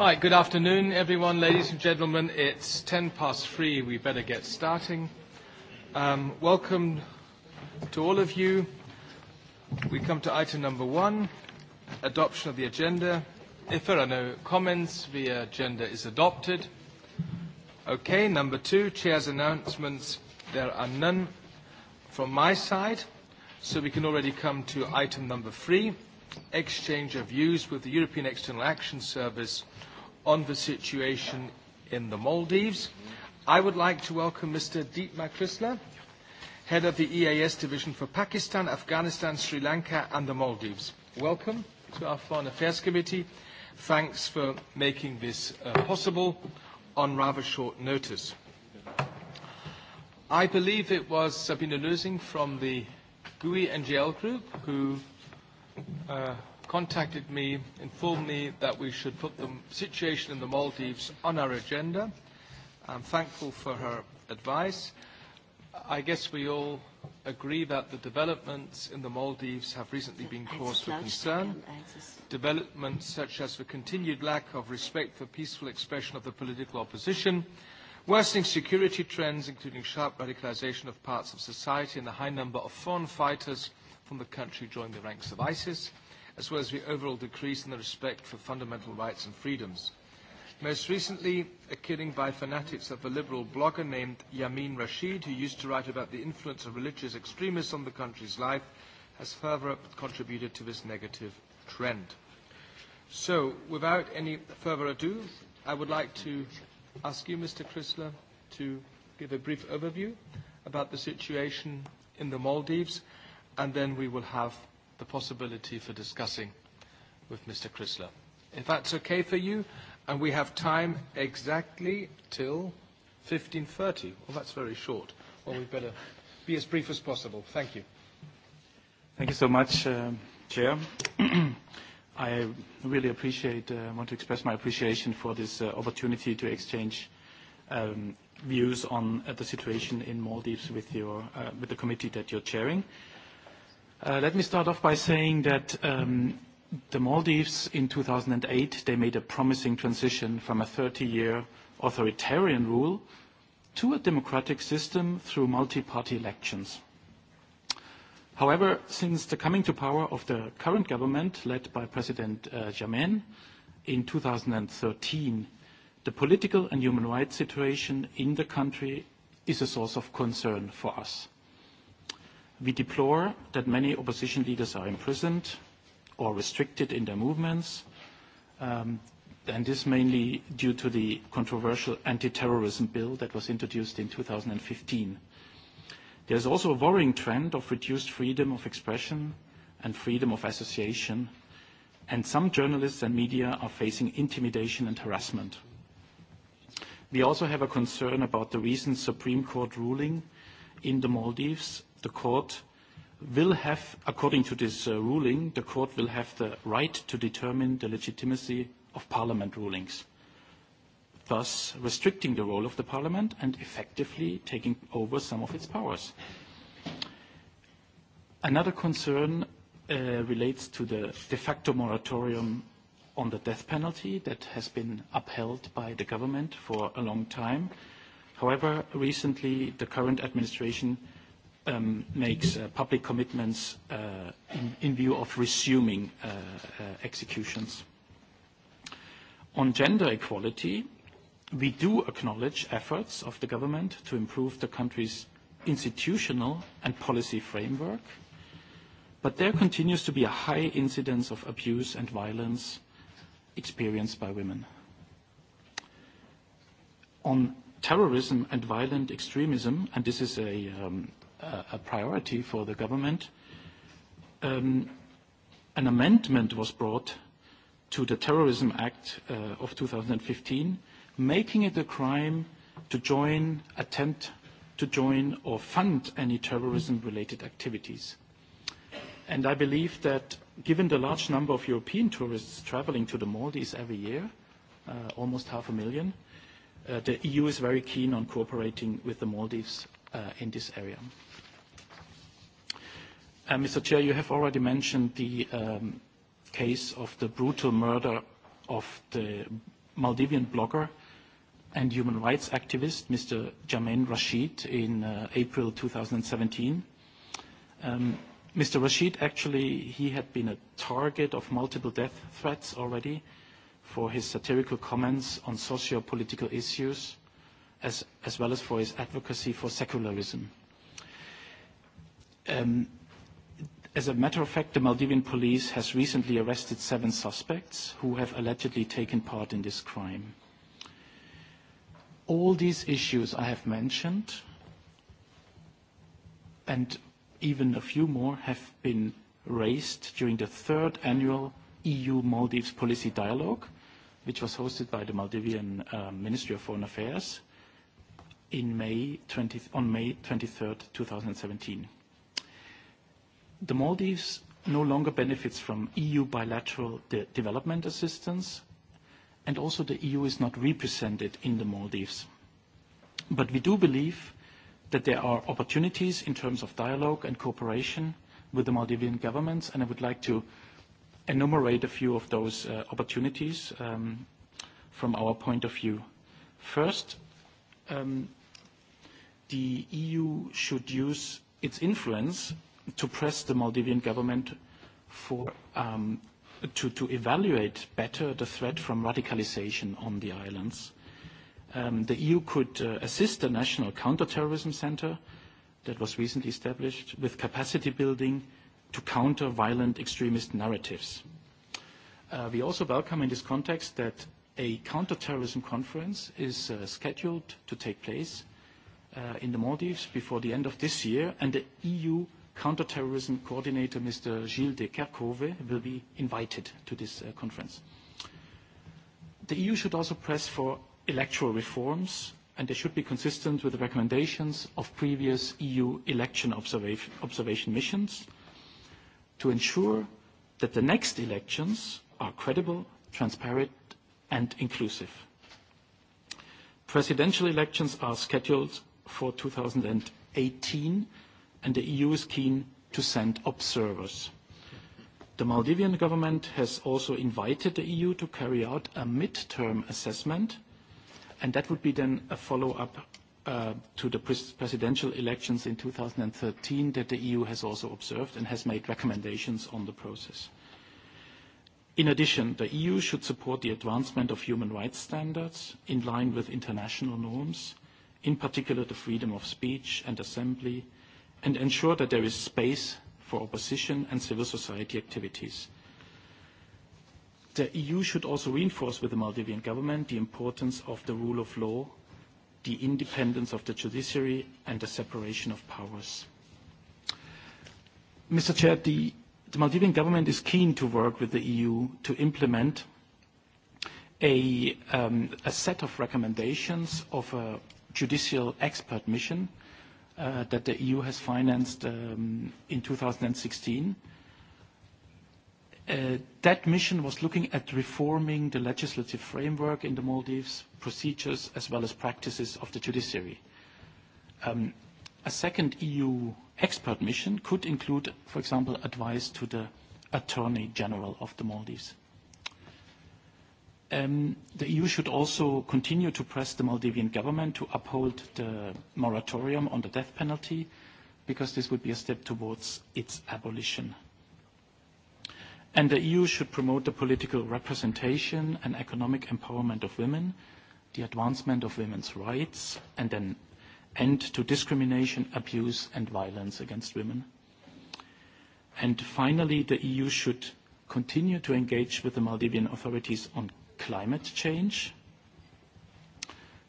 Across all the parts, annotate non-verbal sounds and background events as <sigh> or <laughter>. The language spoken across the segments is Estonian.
Right, good afternoon, everyone, ladies and gentlemen. It's 10 past three. We better get starting. Um, welcome to all of you. We come to item number one, adoption of the agenda. If there are no comments, the agenda is adopted. Okay, number two, chair's announcements. There are none from my side, so we can already come to item number three, exchange of views with the European External Action Service on the situation in the Maldives. I would like to welcome Mr. Dietmar Krishna, head of the EAS division for Pakistan, Afghanistan, Sri Lanka, and the Maldives. Welcome to our Foreign Affairs Committee. Thanks for making this uh, possible on rather short notice. I believe it was Sabine Lösing from the GUI NGL group who uh, contacted me, informed me that we should put the situation in the Maldives on our agenda. I'm thankful for her advice. I guess we all agree that the developments in the Maldives have recently been cause for concern. Developments such as the continued lack of respect for peaceful expression of the political opposition, worsening security trends including sharp radicalization of parts of society and the high number of foreign fighters from the country joining the ranks of ISIS, uh, as well as the overall decrease in the respect for fundamental rights and freedoms. Most recently, a killing by fanatics of a liberal blogger named Yamin Rashid, who used to write about the influence of religious extremists on the country's life, has further contributed to this negative trend. So, without any further ado, I would like to ask you, Mr. Chrysler, to give a brief overview about the situation in the Maldives, and then we will have the possibility for discussing with Mr. Chrysler. If that's okay for you, and we have time exactly till 15.30. Well, that's very short. Well, we'd better be as brief as possible. Thank you. Thank you so much, uh, Chair. <clears throat> I really appreciate, uh, want to express my appreciation for this uh, opportunity to exchange um, views on uh, the situation in Maldives with, your, uh, with the committee that you're chairing. Uh, Uh, let me start off by saying that um, the Maldives in 2008, they made a promising transition from a 30-year authoritarian rule to a democratic system through multi-party elections. However, since the coming to power of the current government, led by President uh, Jammeh in 2013, the political and human rights situation in the country is a source of concern for us. We deplore that many opposition leaders are imprisoned or restricted in their movements, um, and this mainly due to the controversial anti-terrorism bill that was introduced in 2015. There's also a worrying trend of reduced freedom of expression and freedom of association, and some journalists and media are facing intimidation and harassment. We also have a concern about the recent Supreme Court ruling in the Maldives the court will have, according to this uh, ruling, the court will have the right to determine the legitimacy of parliament rulings, thus restricting the role of the parliament and effectively taking over some of its powers. Another concern uh, relates to the de facto moratorium on the death penalty that has been upheld by the government for a long time. However, recently, the current administration uh, um, makes uh, public commitments uh, in, in view of resuming uh, uh, executions. On gender equality, we do acknowledge efforts of the government to improve the country's institutional and policy framework, but there continues to be a high incidence of abuse and violence experienced by women. On terrorism and violent extremism, and this is a um, a, a priority for the government, um, an amendment was brought to the Terrorism Act uh, of 2015, making it a crime to join, attempt to join or fund any terrorism-related activities. And I believe that given the large number of European tourists traveling to the Maldives every year, uh, almost half a million, uh, the EU is very keen on cooperating with the Maldives uh, in this area. Uh, Mr. Chair, you have already mentioned the um, case of the brutal murder of the Maldivian blogger and human rights activist, Mr. Jermaine Rashid, in uh, April 2017. Um, Mr. Rashid, actually, he had been a target of multiple death threats already for his satirical comments on socio-political issues, as, as well as for his advocacy for secularism. Um, As a matter of fact, the Maldivian police has recently arrested seven suspects who have allegedly taken part in this crime. All these issues I have mentioned, and even a few more, have been raised during the third annual EU-Maldives Policy Dialogue, which was hosted by the Maldivian uh, Ministry of Foreign Affairs in May 20, on May 23rd, 2017 the Maldives no longer benefits from EU bilateral de development assistance, and also the EU is not represented in the Maldives. But we do believe that there are opportunities in terms of dialogue and cooperation with the Maldivian governments, and I would like to enumerate a few of those uh, opportunities um, from our point of view. First, um, the EU should use its influence to press the Maldivian government for um, to, to evaluate better the threat from radicalization on the islands. Um, the EU could uh, assist the National Counterterrorism Center that was recently established with capacity building to counter violent extremist narratives. Uh, we also welcome in this context that a counterterrorism conference is uh, scheduled to take place uh, in the Maldives before the end of this year, and the EU counterterrorism coordinator, Mr. Gilles de Kerkhove, will be invited to this uh, conference. The EU should also press for electoral reforms, and they should be consistent with the recommendations of previous EU election observa observation missions to ensure that the next elections are credible, transparent, and inclusive. Presidential elections are scheduled for 2018, and the EU is keen to send observers. The Maldivian government has also invited the EU to carry out a midterm assessment, and that would be then a follow-up uh, to the pres presidential elections in 2013 that the EU has also observed and has made recommendations on the process. In addition, the EU should support the advancement of human rights standards in line with international norms, in particular the freedom of speech and assembly, and ensure that there is space for opposition and civil society activities. The EU should also reinforce with the Maldivian government the importance of the rule of law, the independence of the judiciary, and the separation of powers. Mr. Chair, the, the Maldivian government is keen to work with the EU to implement a, um, a set of recommendations of a judicial expert mission uh, that the EU has financed um, in 2016. Uh, that mission was looking at reforming the legislative framework in the Maldives, procedures, as well as practices of the judiciary. Um, a second EU expert mission could include, for example, advice to the Attorney General of the Maldives. Um, the EU should also continue to press the Maldivian government to uphold the moratorium on the death penalty, because this would be a step towards its abolition. And the EU should promote the political representation and economic empowerment of women, the advancement of women's rights, and an end to discrimination, abuse, and violence against women. And finally, the EU should continue to engage with the Maldivian authorities on climate change.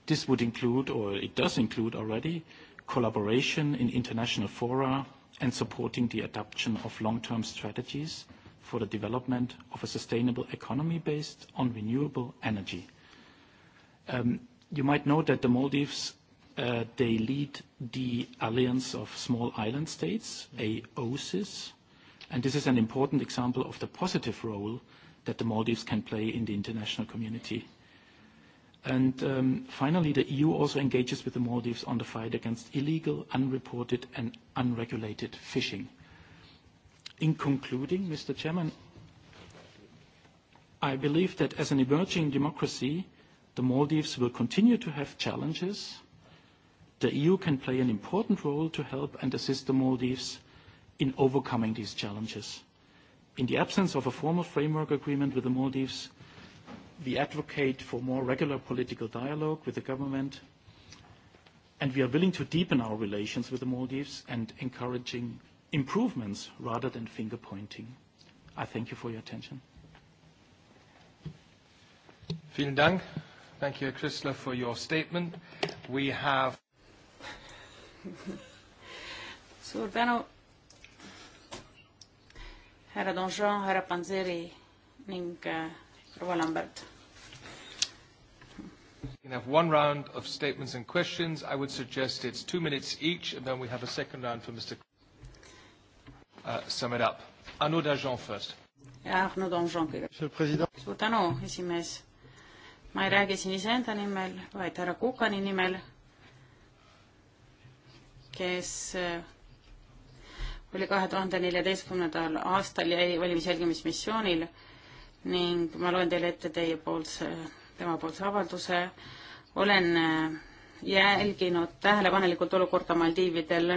This would include, or it does include already, collaboration in international fora and supporting the adoption of long-term strategies for the development of a sustainable economy based on renewable energy. Um, you might know that the Maldives, uh, they lead the Alliance of Small Island States, AOSIS, and this is an important example of the positive role that the Maldives can play in the international community. And um, finally, the EU also engages with the Maldives on the fight against illegal, unreported, and unregulated fishing. In concluding, Mr. Chairman, I believe that as an emerging democracy, the Maldives will continue to have challenges. The EU can play an important role to help and assist the Maldives in overcoming these challenges. In the absence of a formal framework agreement with the Maldives, we advocate for more regular political dialogue with the government, and we are willing to deepen our relations with the Maldives and encouraging improvements rather than finger-pointing. I thank you for your attention. Vielen Dank. Thank you, Chrysler, for your statement. We have- Suur tänu härra Donjon, härra Panzeri ning äh, proua Lambert. We can have one round of statements and questions. I would suggest it's two minutes each, and then we have a second round for Mr. Uh, sum it up. Arnaud Danjean first. Arnaud Danjean kõigepealt. suur tänu, esimees. ma ei räägi siin iseenda nimel, vaid härra Kukani nimel, kes äh, oli kahe tuhande neljateistkümnendal aastal jäi valimisjälgimismissioonil ning ma loen teile ette teiepoolse, temapoolse avalduse. olen äh, jälginud tähelepanelikult olukorda Maldiividel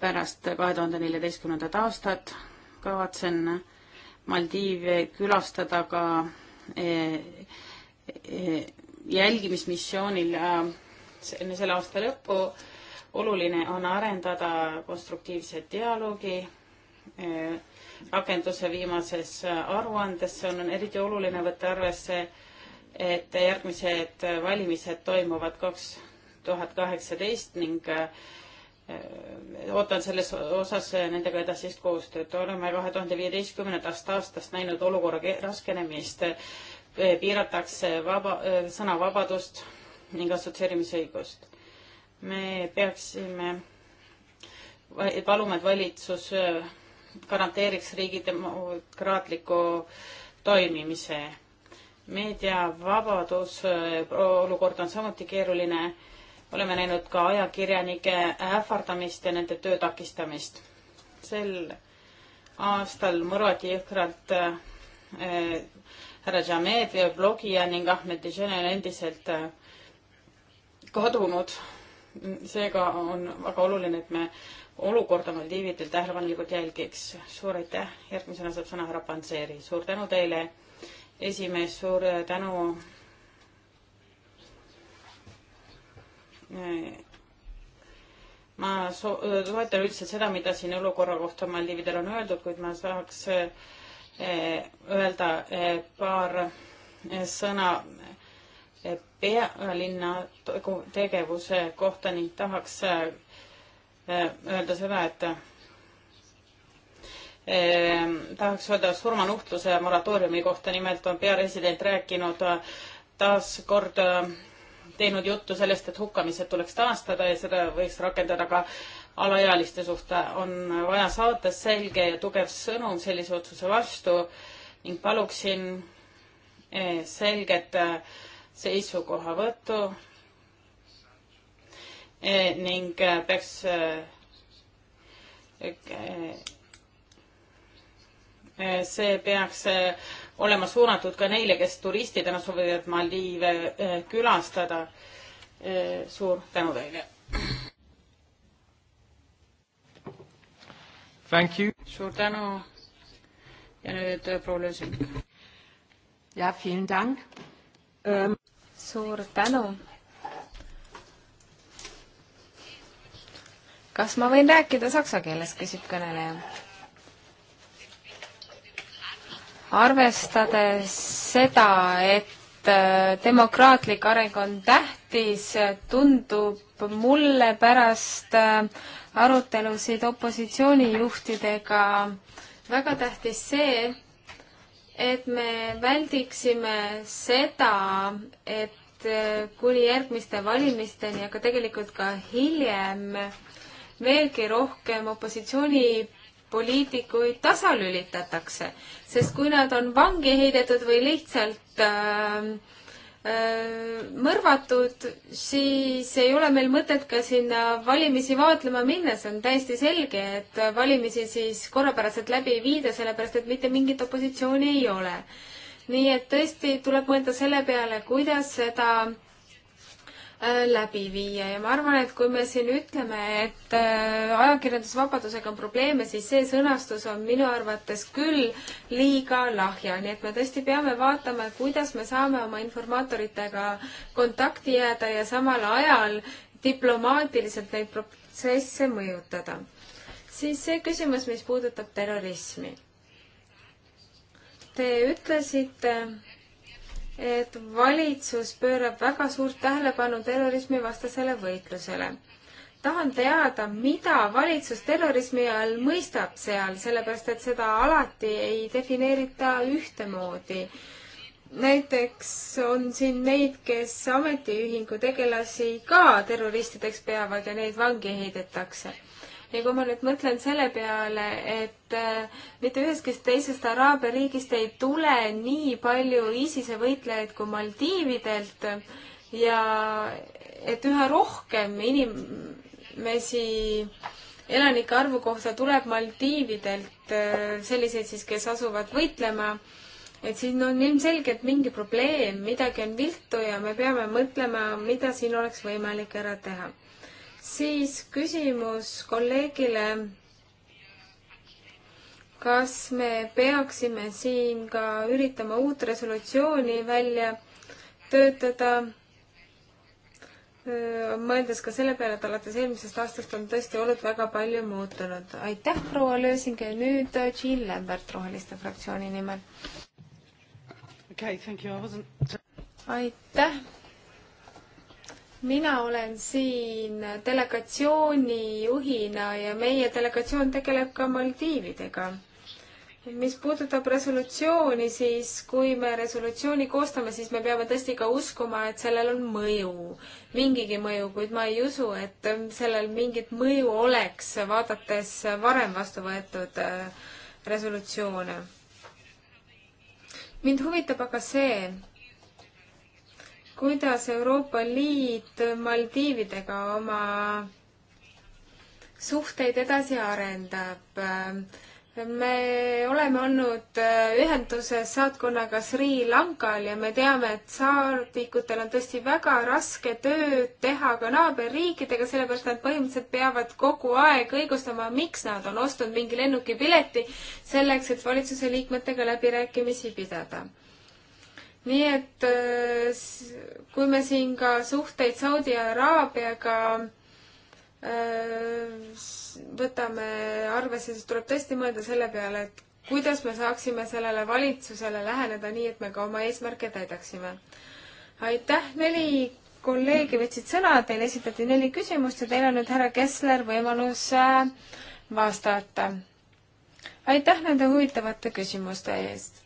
pärast kahe tuhande neljateistkümnendat aastat. kavatsen Maldiive külastada ka äh, äh, jälgimismissioonil enne selle aasta lõppu oluline on arendada konstruktiivset dialoogi eh, rakenduse viimases eh, aruandes, see on eriti oluline võtta arvesse, et järgmised valimised toimuvad kaks tuhat kaheksateist ning eh, ootan selles osas nendega edasist koostööd. oleme kahe tuhande viieteistkümnendast aastast näinud olukorra raskenemist, piiratakse vaba, sõnavabadust ning assotsieerimisõigust me peaksime paluma, et valitsus äh, garanteeriks riigi demokraatliku toimimise. meediavabadus, äh, olukord on samuti keeruline. oleme näinud ka ajakirjanike ähvardamist ja nende töö takistamist. sel aastal mõrvati jõhkralt äh, härra äh, Jamed, blogija ning Ahmed Dijon on endiselt äh, kadunud seega on väga oluline, et me olukorda Maldiividel tähelepanelikult jälgiks. suur aitäh, järgmisena saab sõna härra Panseri. suur tänu teile, esimees, suur tänu äh, ma so-, toetan üldiselt seda, mida siin olukorra kohta Maldiividel on öeldud, kuid ma saaks äh, öelda äh, paar sõna pealinna tegevuse kohta ning tahaks äh, öelda seda, et äh, tahaks öelda surmanuhtluse moratooriumi kohta, nimelt on pearesident rääkinud äh, taas kord teinud juttu sellest, et hukkamised tuleks taastada ja seda võiks rakendada ka alaealiste suhte. on vaja saata selge ja tugev sõnum sellise otsuse vastu ning paluksin selget äh, seisukohavõttu e, ning e, peaks e, see peaks olema suunatud ka neile, kes turistidena soovivad Maldiive külastada. suur tänu teile. suur tänu. ja nüüd proua Lösing. ja, vielen Dank ähm suur tänu. kas ma võin rääkida saksa keeles, küsib kõneleja. arvestades seda, et äh, demokraatlik areng on tähtis, tundub mulle pärast äh, arutelusid opositsioonijuhtidega väga tähtis see, et me väldiksime seda, et Äh, kuni järgmiste valimisteni, aga tegelikult ka hiljem veelgi rohkem opositsioonipoliitikuid tasalülitatakse, sest kui nad on vangi heidetud või lihtsalt äh, äh, mõrvatud, siis ei ole meil mõtet ka sinna valimisi vaatlema minna, see on täiesti selge, et valimisi siis korrapäraselt läbi ei viida, sellepärast et mitte mingit opositsiooni ei ole nii et tõesti tuleb mõelda selle peale, kuidas seda äh, läbi viia ja ma arvan, et kui me siin ütleme, et äh, ajakirjandusvabadusega on probleeme, siis see sõnastus on minu arvates küll liiga lahja, nii et me tõesti peame vaatama, kuidas me saame oma informaatoritega kontakti jääda ja samal ajal diplomaatiliselt neid protsesse mõjutada. siis see küsimus, mis puudutab terrorismi Te ütlesite, et valitsus pöörab väga suurt tähelepanu terrorismivastasele võitlusele. tahan teada, mida valitsus terrorismi all mõistab seal, sellepärast et seda alati ei defineerita ühtemoodi. näiteks on siin neid, kes ametiühingu tegelasi ka terroristideks peavad ja neid vangi heidetakse ja kui ma nüüd mõtlen selle peale, et äh, mitte ühestki teisest Araabia riigist ei tule nii palju ISISe võitlejaid kui Maldiividelt ja et üha rohkem inimesi elanike arvu kohta tuleb Maldiividelt äh, selliseid siis, kes asuvad võitlema, et siin on ilmselgelt mingi probleem, midagi on viltu ja me peame mõtlema, mida siin oleks võimalik ära teha siis küsimus kolleegile, kas me peaksime siin ka üritama uut resolutsiooni välja töötada, mõeldes ka selle peale, et alates eelmisest aastast on tõesti olud väga palju muutunud. aitäh, proua Lösing ja nüüd äh, Jean Lambert Roheliste fraktsiooni nimel. Okay, thank you. I wasn't... aitäh mina olen siin delegatsiooni juhina ja meie delegatsioon tegeleb ka Maldiividega. mis puudutab resolutsiooni, siis kui me resolutsiooni koostame, siis me peame tõesti ka uskuma, et sellel on mõju, mingigi mõju, kuid ma ei usu, et sellel mingit mõju oleks, vaadates varem vastu võetud äh, resolutsioone. mind huvitab aga see, kuidas Euroopa Liit Maldiividega oma suhteid edasi arendab. me oleme olnud ühenduses saatkonnaga Sri Lankal ja me teame, et saadikutel on tõesti väga raske tööd teha ka naaberriikidega, sellepärast nad põhimõtteliselt peavad kogu aeg õigustama, miks nad on ostnud mingi lennukipileti, selleks et valitsuse liikmetega läbirääkimisi pidada nii et äh, kui me siin ka suhteid Saudi Araabiaga äh, võtame arvesse, siis tuleb tõesti mõelda selle peale, et kuidas me saaksime sellele valitsusele läheneda nii, et me ka oma eesmärke täidaksime. aitäh, neli kolleegi võtsid sõna, teile esitati neli küsimust ja teil on nüüd, härra Kessler, võimalus äh, vastata. aitäh nende huvitavate küsimuste eest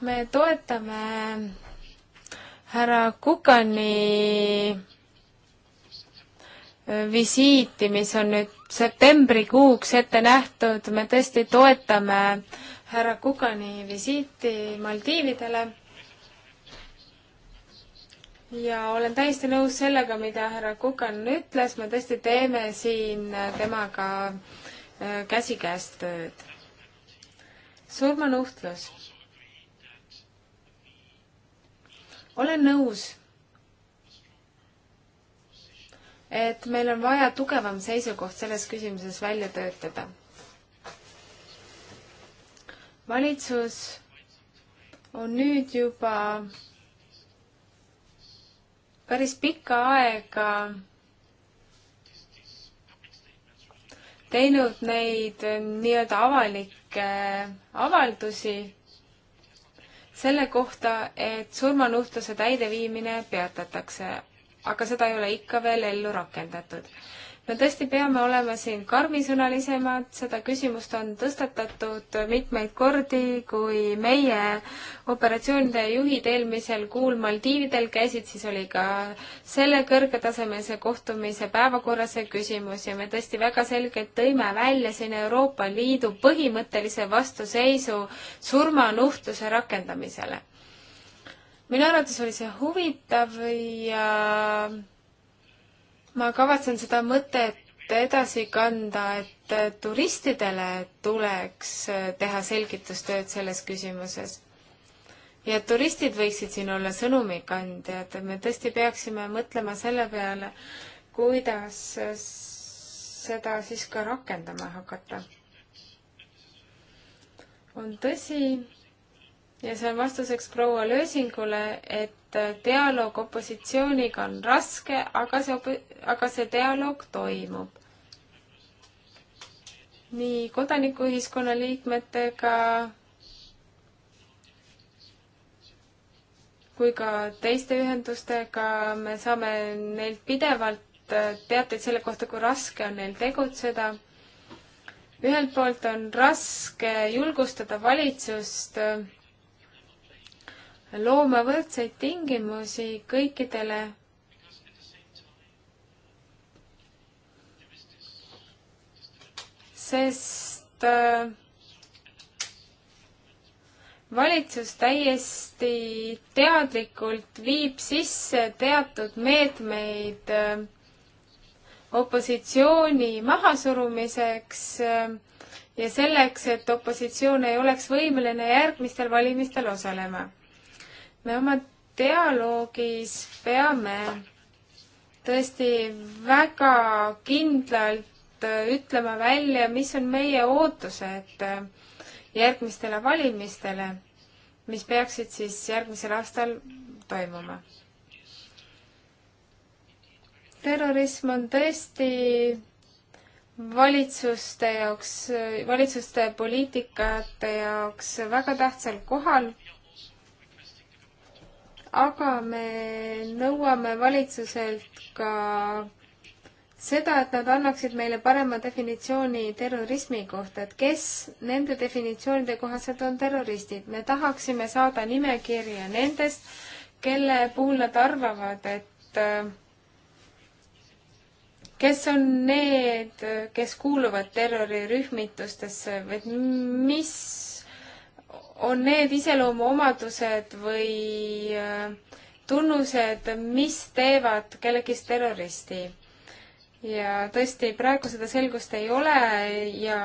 me toetame härra Kukani äh, visiiti, mis on nüüd septembrikuuks ette nähtud, me tõesti toetame härra Kukani visiiti Maldiividele. ja olen täiesti nõus sellega, mida härra Kukan ütles, me tõesti teeme siin temaga äh, käsikäes tööd. surmanuhtlus olen nõus, et meil on vaja tugevam seisukoht selles küsimuses välja töötada. valitsus on nüüd juba päris pikka aega teinud neid nii-öelda avalikke avaldusi selle kohta, et surmanuhtluse täideviimine peatatakse, aga seda ei ole ikka veel ellu rakendatud me tõesti peame olema siin karmisõnalisemad, seda küsimust on tõstatatud mitmeid kordi, kui meie operatsioonide juhid eelmisel kuul Maldiividel käisid, siis oli ka selle kõrgetasemelise kohtumise päevakorras see küsimus ja me tõesti väga selgelt tõime välja siin Euroopa Liidu põhimõttelise vastuseisu surmanuhtluse rakendamisele. minu arvates oli see huvitav ja ma kavatsen seda mõtet edasi kanda, et turistidele tuleks äh, teha selgitustööd selles küsimuses. ja turistid võiksid siin olla sõnumikandjad, me tõesti peaksime mõtlema selle peale, kuidas äh, seda siis ka rakendama hakata. on tõsi, ja see on vastuseks proua Lösingule, et dialoog opositsiooniga on raske, aga see, aga see dialoog toimub. nii kodanikuühiskonna liikmetega kui ka teiste ühendustega me saame neilt pidevalt teateid selle kohta, kui raske on neil tegutseda. ühelt poolt on raske julgustada valitsust äh, looma võrdseid tingimusi kõikidele sest äh, valitsus täiesti teadlikult viib sisse teatud meetmeid äh, opositsiooni mahasurumiseks äh, ja selleks, et opositsioon ei oleks võimeline järgmistel valimistel osalema me oma dialoogis peame tõesti väga kindlalt äh, ütlema välja, mis on meie ootused äh, järgmistele valimistele, mis peaksid siis järgmisel aastal toimuma. terrorism on tõesti valitsuste jaoks, äh, valitsuste poliitikate jaoks väga tähtsal kohal aga me nõuame valitsuselt ka seda, et nad annaksid meile parema definitsiooni terrorismi kohta, et kes nende definitsioonide kohaselt on terroristid. me tahaksime saada nimekirja nendest, kelle puhul nad arvavad, et äh, kes on need, kes kuuluvad terrorirühmitustesse või mis on need iseloomuomadused või äh, tunnused, mis teevad kellegist terroristi. ja tõesti, praegu seda selgust ei ole ja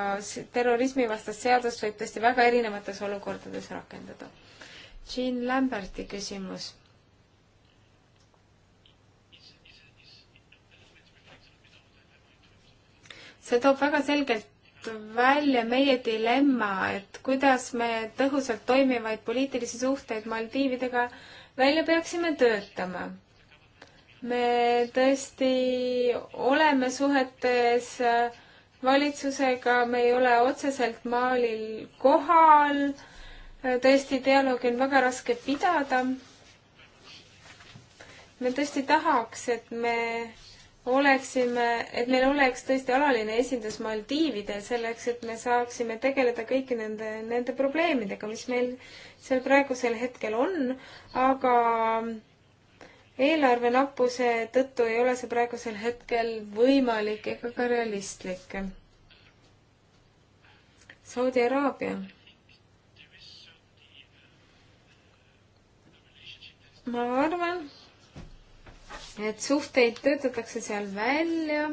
terrorismivastast seadust võib tõesti väga erinevates olukordades rakendada. Jean Lamberti küsimus see toob väga selgelt välja meie dilemma, et kuidas me tõhusalt toimivaid poliitilisi suhteid Maldiividega välja peaksime töötama. me tõesti oleme suhetes valitsusega, me ei ole otseselt Malil kohal, tõesti, dialoogi on väga raske pidada. me tõesti tahaks, et me oleksime, et meil oleks tõesti alaline esindus Maldiividel selleks, et me saaksime tegeleda kõiki nende, nende probleemidega, mis meil seal praegusel hetkel on, aga eelarve nappuse tõttu ei ole see praegusel hetkel võimalik ega ka realistlik. Saudi Araabia. ma arvan, et suhteid töötatakse seal välja.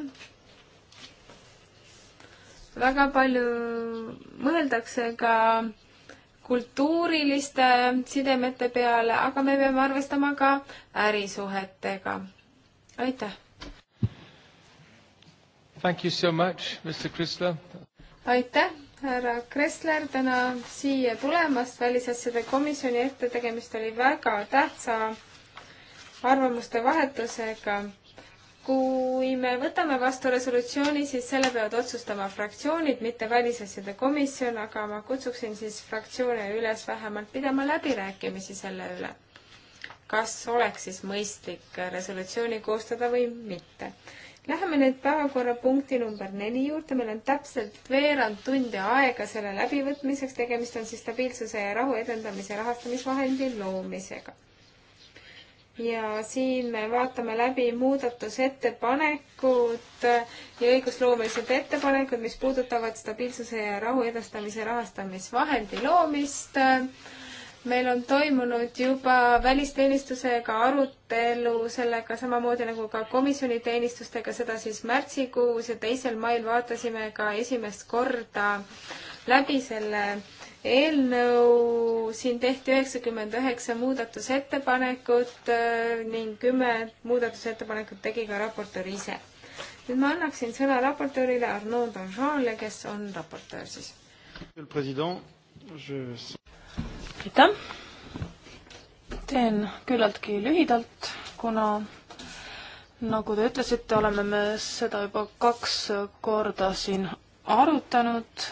väga palju mõeldakse ka kultuuriliste sidemete peale, aga me peame arvestama ka ärisuhetega. aitäh! Thank you so much, Mr Kressler. aitäh, härra Kressler, täna siia tulemast välisasjade komisjoni ette, tegemist oli väga tähtsa arvamuste vahetusega. kui me võtame vastu resolutsiooni, siis selle peavad otsustama fraktsioonid, mitte välisasjade komisjon, aga ma kutsuksin siis fraktsioone üles vähemalt pidama läbirääkimisi selle üle. kas oleks siis mõistlik resolutsiooni koostada või mitte Läheme nüüd päevakorrapunkti number neli juurde, meil on täpselt veerand tundi aega selle läbivõtmiseks, tegemist on siis stabiilsuse ja rahu edendamise rahastamisvahendi loomisega ja siin me vaatame läbi muudatusettepanekud ja õigusloomelised ettepanekud, mis puudutavad stabiilsuse ja rahu edastamise rahastamisvahendi loomist. meil on toimunud juba välisteenistusega arutelu sellega samamoodi nagu ka komisjoni teenistustega, seda siis märtsikuus ja teisel mail vaatasime ka esimest korda läbi selle eelnõu, siin tehti üheksakümmend üheksa muudatusettepanekut äh, ning kümme muudatusettepanekut tegi ka raportöör ise. nüüd ma annaksin sõna raportöörile Arnaud Danjean'le, kes on raportöör siis. aitäh! teen küllaltki lühidalt, kuna nagu te ütlesite, oleme me seda juba kaks korda siin arutanud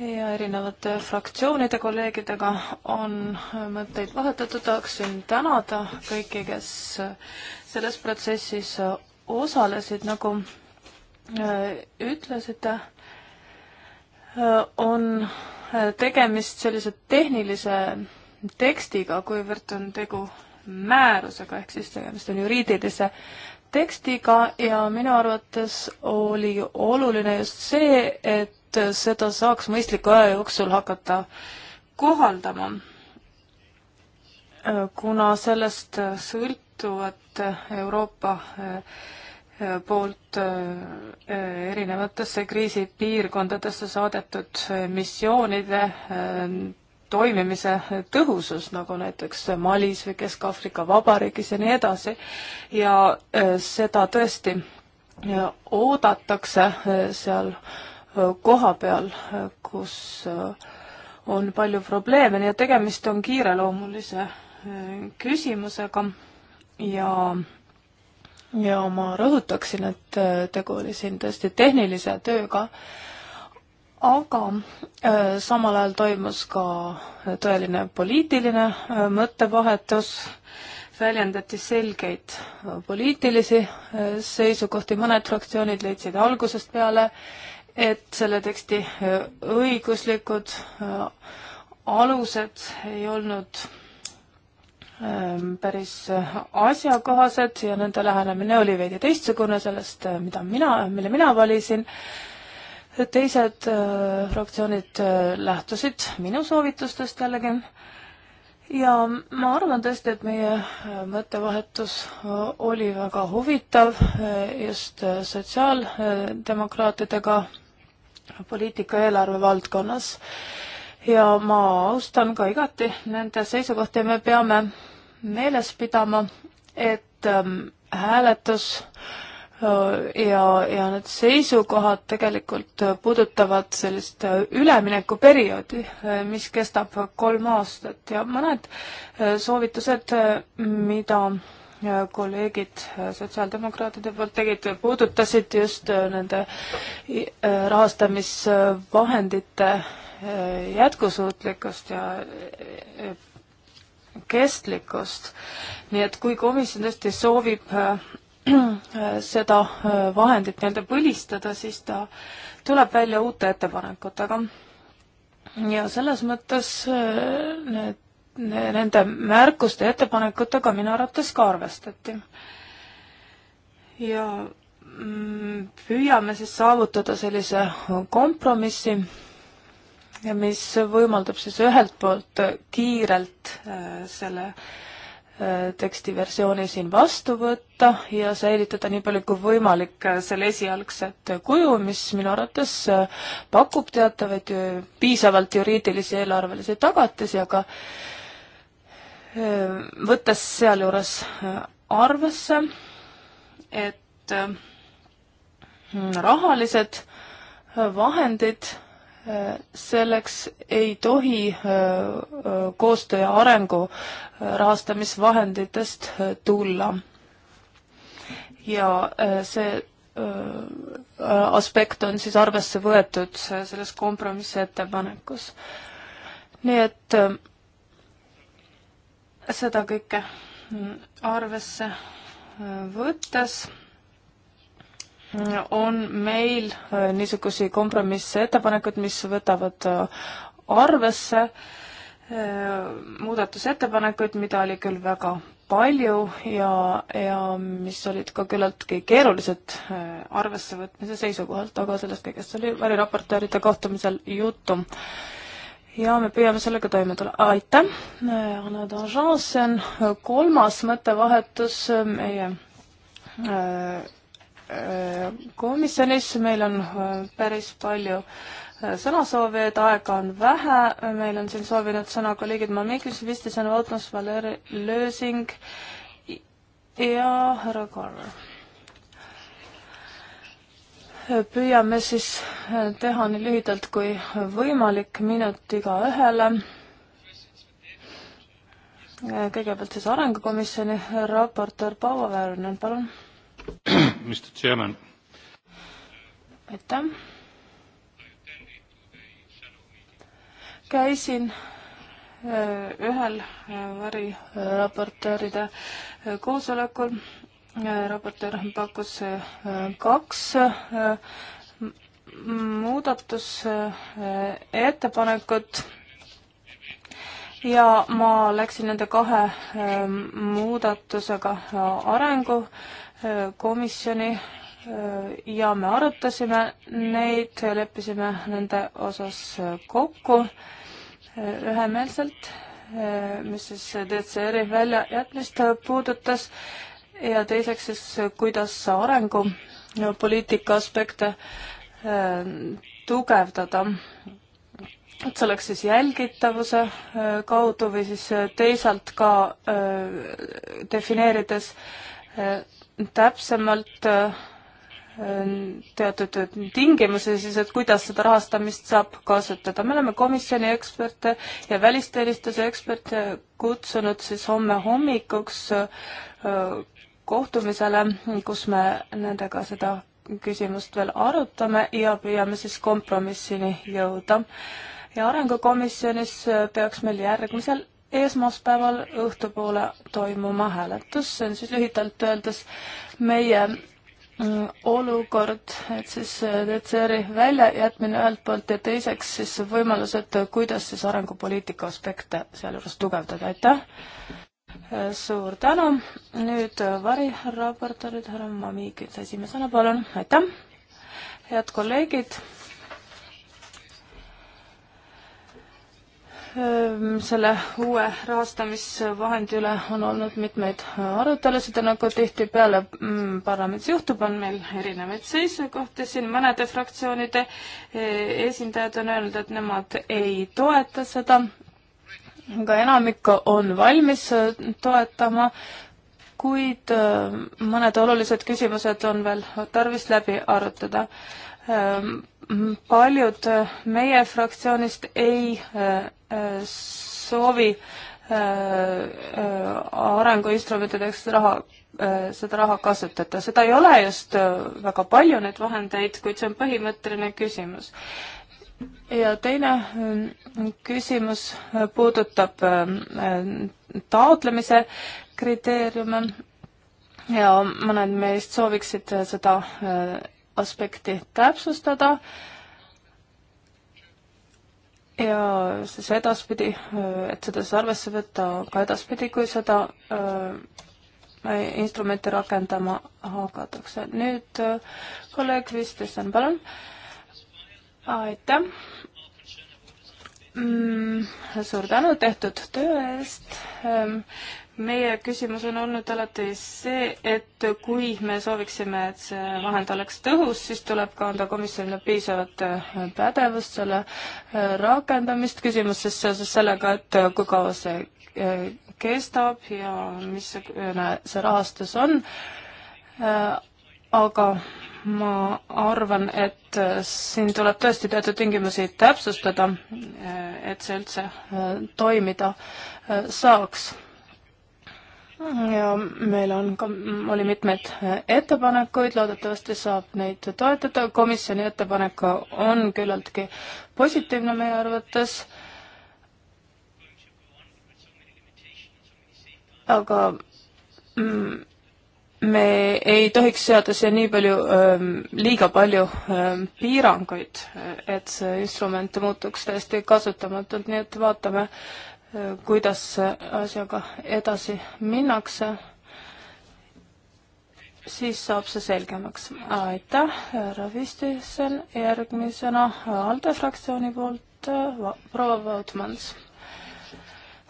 ja erinevate fraktsioonide kolleegidega on mõtteid vahetatud, tahaksin tänada kõiki, kes selles protsessis osalesid, nagu äh, ütlesite, äh, on äh, tegemist sellise tehnilise tekstiga, kuivõrd on tegu määrusega, ehk siis tegemist on juriidilise tekstiga ja minu arvates oli oluline just see, et seda saaks mõistliku aja jooksul hakata kohaldama. kuna sellest sõltuvad Euroopa eh, eh, poolt eh, erinevatesse kriisipiirkondadesse saadetud missioonide toimimise tõhusus, nagu näiteks Malis või Kesk-Aafrika Vabariigis ja nii edasi. ja e, seda tõesti e, oodatakse e, seal kohapeal, kus on palju probleeme, nii et tegemist on kiireloomulise küsimusega ja ja ma rõhutaksin, et tegu oli siin tõesti tehnilise tööga äh, aga äh, samal ajal toimus ka tõeline poliitiline äh, mõttevahetus, väljendati selgeid äh, poliitilisi seisukohti, mõned fraktsioonid leidsid algusest peale, et selle teksti õiguslikud alused ei olnud ähm, päris asjakohased ja nende lähenemine oli veidi teistsugune sellest, mida mina, mille mina valisin teised äh, fraktsioonid äh, lähtusid minu soovitustest jällegi ja ma arvan tõesti, et meie äh, mõttevahetus oli väga huvitav just sotsiaaldemokraatidega poliitika eelarve valdkonnas ja ma austan ka igati nende seisukohti ja me peame meeles pidama, et ähm, hääletus ähm, Äh, ja, ja need seisukohad tegelikult puudutavad sellist äh, üleminekuperioodi, äh, mis kestab kolm aastat ja mõned soovitused, mida kolleegid sotsiaaldemokraatide poolt tegid, puudutasid just nende rahastamisvahendite jätkusuutlikkust ja kestlikkust. nii et kui komisjon tõesti soovib <clears throat> seda äh, vahendit nii-öelda põlistada, siis ta tuleb välja uute ettepanekutega. ja selles mõttes äh, need, nende märkuste ja ettepanekutega minu arvates ka arvestati. ja mm, püüame siis saavutada sellise kompromissi, mis võimaldab siis ühelt poolt kiirelt äh, selle äh, tekstiversiooni siin vastu võtta ja säilitada nii palju kui võimalik äh, selle esialgset kuju, mis minu arvates äh, pakub teatavaid äh, piisavalt juriidilisi eelarvelisi tagatisi, aga võttes sealjuures arvesse, et rahalised vahendid selleks ei tohi äh, äh, koostöö ja arengu äh, rahastamisvahenditest tulla. ja see aspekt on siis arvesse võetud selles kompromissettepanekus. nii et seda kõike mm, arvesse võttes on meil äh, niisugusi kompromissettepanekuid, mis võtavad äh, arvesse äh, muudatusettepanekuid, mida oli küll väga palju ja, ja mis olid ka küllaltki keerulised arvessevõtmise seisukohalt, aga sellest kõigest oli väliraportööride kohtumisel juttu. ja me püüame sellega toime tulla. aitäh, Anna Danjean, see on kolmas mõttevahetus meie äh, komisjonis, meil on äh, päris palju äh, sõnasoovijaid, aega on vähe, meil on siin soovinud sõna kolleegid Mamiklis, Vistisen, Vautmas, Valeri Lösing ja härra Karver. püüame siis äh, teha nii lühidalt kui võimalik, minut igaühele. kõigepealt siis Arengukomisjoni raportöör Paavo Väärinen, palun <clears throat> aitäh. käisin äh, ühel äh, variraportööride äh, koosolekul. raportöör pakkus kaks muudatusettepanekut ja ma läksin nende kahe muudatusega arengu komisjoni äh, ja me arutasime neid, leppisime nende osas äh, kokku äh, ühemeelselt, mis siis DCR-i väljajätmist puudutas ja teiseks siis, kuidas arengupoliitika aspekte tugevdada. et see oleks siis jälgitavuse kaudu või siis teisalt ka defineerides täpsemalt äh, teatud tingimusi siis, et kuidas seda rahastamist saab kasutada. me oleme komisjoni eksperte ja välisteenistuse eksperte kutsunud siis homme hommikuks äh, kohtumisele, kus me nendega seda küsimust veel arutame ja püüame siis kompromissini jõuda. ja arengukomisjonis peaks meil järgmisel esmaspäeval õhtupoole toimuma hääletus, see on siis lühidalt öeldes meie mm, olukord, et siis äh, DCR-i väljajätmine ühelt poolt ja teiseks siis võimalused, kuidas siis arengupoliitika aspekte sealjuures tugevdada, aitäh! Äh, suur tänu, nüüd äh, variraportorid, härra Mamikits esimesena, palun, aitäh! head kolleegid! Ehm, selle uue rahastamisvahendi üle on olnud mitmeid arutelusid ja nagu tihtipeale mm, parlamendis juhtub, on meil erinevaid seisukohti siin, mõnede fraktsioonide e, esindajad on öelnud, et nemad ei toeta seda, aga enamik on valmis e, toetama, kuid e, mõned olulised küsimused on veel tarvis läbi arutada Ähm, paljud äh, meie fraktsioonist ei äh, äh, soovi arenguinstrumentideks raha, seda raha kasutada. seda ei ole just väga palju, neid vahendeid, kuid see on põhimõtteline küsimus. ja teine ähm, küsimus puudutab ähm, taotlemise kriteeriume ja mõned meist sooviksid seda aspekti täpsustada ja siis edaspidi, et seda siis arvesse võtta ka edaspidi, kui seda äh, instrumenti rakendama hakatakse. nüüd äh, kolleeg Kristjan, palun. aitäh mm,. suur tänu tehtud töö eest. Ähm, meie küsimus on olnud alati see, et kui me sooviksime, et see vahend oleks tõhus, siis tuleb ka anda komisjonile piisavat äh, pädevust, selle äh, rakendamist, küsimus siis seoses sellega, et äh, kui kaua see kestab ja mis see rahastus on. aga ma arvan, et siin tuleb tõesti teatud tingimusi täpsustada, et see üldse toimida saaks ja meil on ka, oli mitmeid äh, ettepanekuid, loodetavasti saab neid toetada, komisjoni ettepanek on küllaltki positiivne meie arvates, aga mm, me ei tohiks seada siia nii palju, ähm, liiga palju ähm, piiranguid, äh, et see instrument muutuks täiesti kasutamatult, nii et vaatame äh, kuidas asjaga edasi minnakse, siis saab see selgemaks. aitäh, härra Vistisen, järgmisena ALDE fraktsiooni poolt äh, proua Vautmans.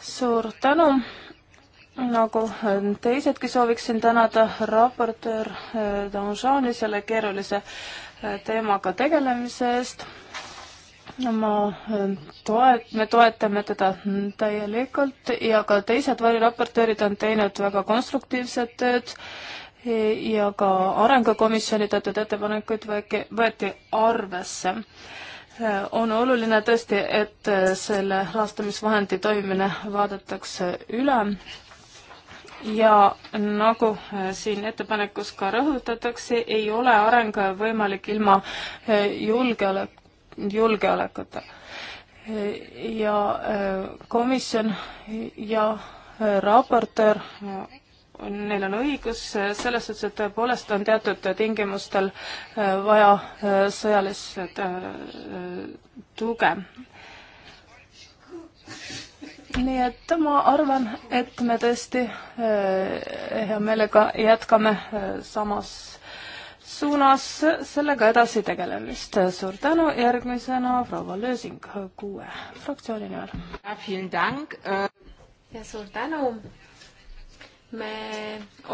suur tänu, nagu äh, teisedki sooviksin tänada raportöör äh, Danjani selle keerulise teemaga tegelemise eest ma ähm, toet-, me toetame teda täielikult ja ka teised variraportöörid on teinud väga konstruktiivset tööd e, ja ka arengukomisjoni teatud ettepanekuid võeti arvesse. Äh, on oluline tõesti, et äh, selle rahastamisvahendi toimimine vaadatakse üle ja nagu äh, siin ettepanekus ka rõhutatakse, ei ole areng võimalik ilma julgeoleku julgeolekut. ja äh, komisjon ja äh, raportöör, neil on õigus selles suhtes, et tõepoolest on teatud tingimustel äh, vaja sõjalist tuge. nii et ma arvan, et me tõesti hea meelega jätkame samas suunas sellega edasi tegelemist. suur tänu, järgmisena proua Lösing kuue fraktsiooni nimel. ja äh, suur tänu. me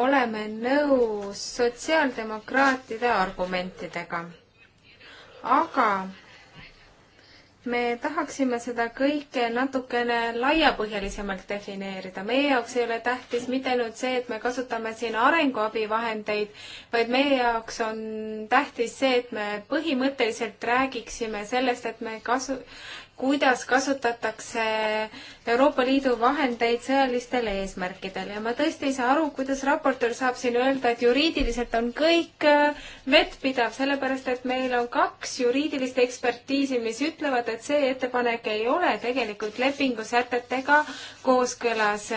oleme nõus sotsiaaldemokraatide argumentidega, aga me tahaksime seda kõike natukene laiapõhjalisemalt defineerida. meie jaoks ei ole tähtis mitte ainult see, et me kasutame siin arenguabivahendeid, vaid meie jaoks on tähtis see, et me põhimõtteliselt räägiksime sellest, et me kasu-, kuidas kasutatakse Euroopa Liidu vahendeid sõjalistel eesmärkidel ja ma tõesti ei saa aru, kuidas raportöör saab siin öelda, et juriidiliselt on kõik äh, vettpidav, sellepärast et meil on kaks juriidilist ekspertiisi, mis ütlevad, et see ettepanek ei ole tegelikult lepingusätetega kooskõlas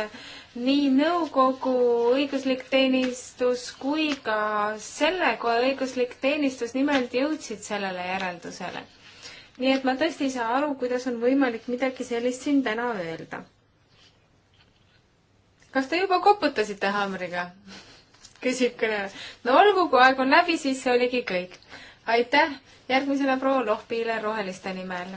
nii nõukogu õiguslik teenistus kui ka selle koja õiguslik teenistus nimelt jõudsid sellele järeldusele nii et ma tõesti ei saa aru, kuidas on võimalik midagi sellist siin täna öelda. kas te juba koputasite haamriga? <laughs> küsib kõneleja. no olgu, kui aeg on läbi, siis see oligi kõik. aitäh järgmisena proua Lohbile Roheliste nimel.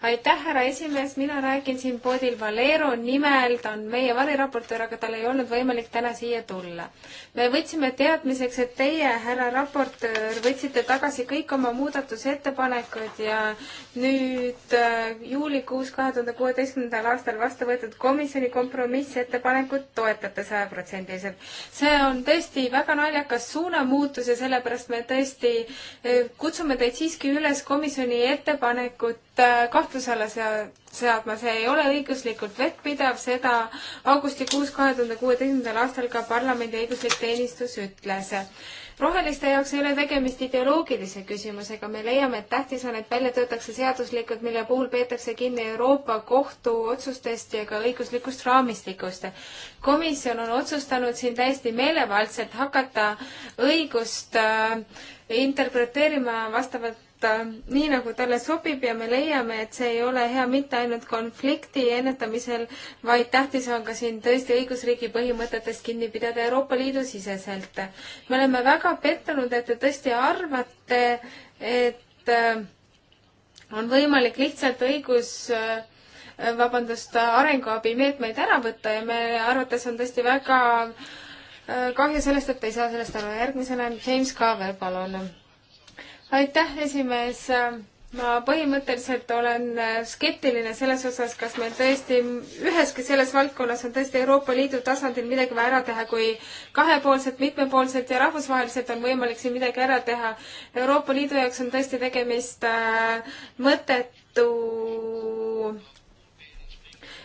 aitäh, härra esimees, mina räägin siin Bodil Valero nimel, ta on meie variraportöör, aga tal ei olnud võimalik täna siia tulla. me võtsime teadmiseks, et teie, härra raportöör, võtsite tagasi kõik oma muudatusettepanekud ja nüüd äh, juulikuus kahe tuhande kuueteistkümnendal aastal vastu võetud komisjoni kompromissettepanekut toetate sajaprotsendiliselt. see on tõesti väga naljakas suunamuutus ja sellepärast me tõesti äh, kutsume teid siiski üles komisjoni ettepanekut äh, kahtluse alla seadma, see ei ole õiguslikult vettpidav, seda augustikuus kahe tuhande kuueteistkümnendal aastal ka parlamendi õiguslik teenistus ütles. roheliste jaoks ei ole tegemist ideoloogilise küsimusega, me leiame, et tähtis on, et välja töötakse seaduslikud, mille puhul peetakse kinni Euroopa Kohtu otsustest ja ka õiguslikust raamistikust. komisjon on otsustanud siin täiesti meelevaldselt hakata õigust äh, interpreteerima vastavalt äh, nii, nagu talle sobib ja me leiame, et see ei ole hea mitte ainult konflikti ennetamisel, vaid tähtis on ka siin tõesti õigusriigi põhimõtetest kinni pidada Euroopa Liidu siseselt. me oleme väga pettunud, et te tõesti arvate, et äh, on võimalik lihtsalt õigus äh, vabandust, arenguabimeetmeid ära võtta ja meie arvates on tõesti väga Äh, kahju sellest, et ei saa sellest aru. järgmisena James Carver, palun. aitäh, esimees. ma põhimõtteliselt olen äh, skeptiline selles osas, kas meil tõesti üheski selles valdkonnas on tõesti Euroopa Liidu tasandil midagi vaja ära teha, kui kahepoolselt, mitmepoolselt ja rahvusvaheliselt on võimalik siin midagi ära teha. Euroopa Liidu jaoks on tõesti tegemist äh, mõttetu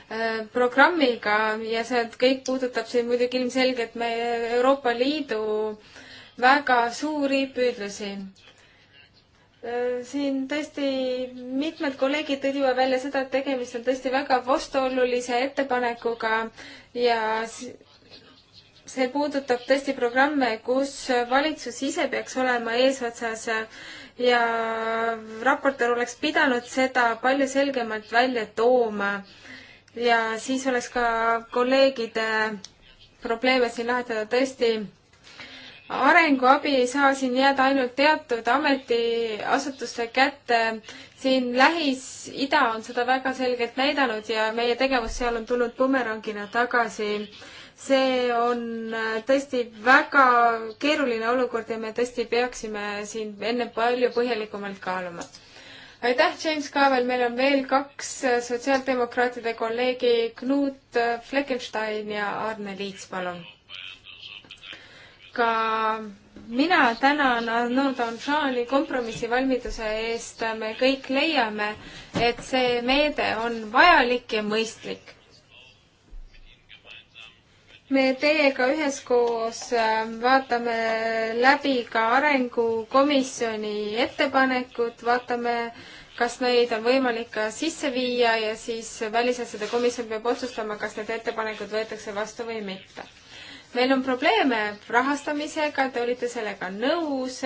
Äh, programmiga ja see kõik puudutab siin muidugi ilmselgelt meie Euroopa Liidu väga suuri püüdlusi. Äh, siin tõesti mitmed kolleegid tõid juba välja seda, et tegemist on tõesti väga vastuolulise ettepanekuga ja see puudutab tõesti programme, kus valitsus ise peaks olema eesotsas ja raportöör oleks pidanud seda palju selgemalt välja tooma ja siis oleks ka kolleegide probleeme siin lahendada tõesti arenguabi ei saa siin jääda ainult teatud ametiasutuste kätte. siin Lähis-Ida on seda väga selgelt näidanud ja meie tegevus seal on tulnud bumerangina tagasi. see on äh, tõesti väga keeruline olukord ja me tõesti peaksime siin enne palju põhjalikumalt kaaluma aitäh, James Kaevel, meil on veel kaks äh, sotsiaaldemokraatide kolleegi, Knut äh, Fleckenstein ja Arne Liits, palun. ka mina tänan Arno Donžani kompromissivalmiduse eest, me kõik leiame, et see meede on vajalik ja mõistlik me teiega üheskoos ähm, vaatame läbi ka arengukomisjoni ettepanekud, vaatame, kas neid on võimalik ka sisse viia ja siis välisasjade komisjon peab otsustama, kas need ettepanekud võetakse vastu või mitte. meil on probleeme rahastamisega, te olite sellega nõus,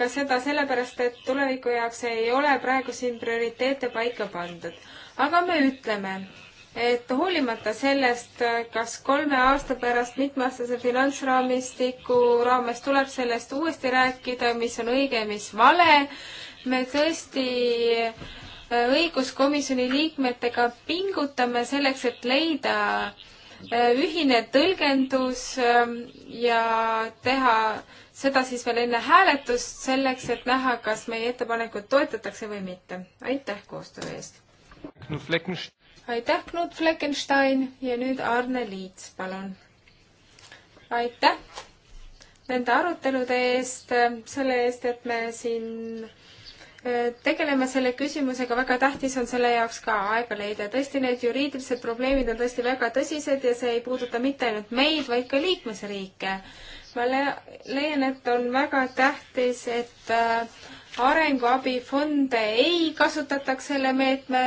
ka seda sellepärast, et tuleviku jaoks ei ole praegu siin prioriteete paika pandud. aga me ütleme, et hoolimata sellest, kas kolme aasta pärast mitmeaastase finantsraamistiku raames tuleb sellest uuesti rääkida, mis on õige ja mis vale, me tõesti äh, õiguskomisjoni liikmetega pingutame selleks, et leida äh, ühine tõlgendus ähm, ja teha seda siis veel enne hääletust, selleks et näha, kas meie ettepanekut toetatakse või mitte. aitäh koostöö eest! aitäh, Knut Fleckenstein ja nüüd Arne Liits, palun. aitäh nende arutelude eest, selle eest, et me siin äh, tegeleme selle küsimusega, väga tähtis on selle jaoks ka aega leida. tõesti, need juriidilised probleemid on tõesti väga tõsised ja see ei puuduta mitte ainult meid, vaid ka liikmesriike. ma le leian, et on väga tähtis, et äh, arenguabifonde ei kasutataks selle meetme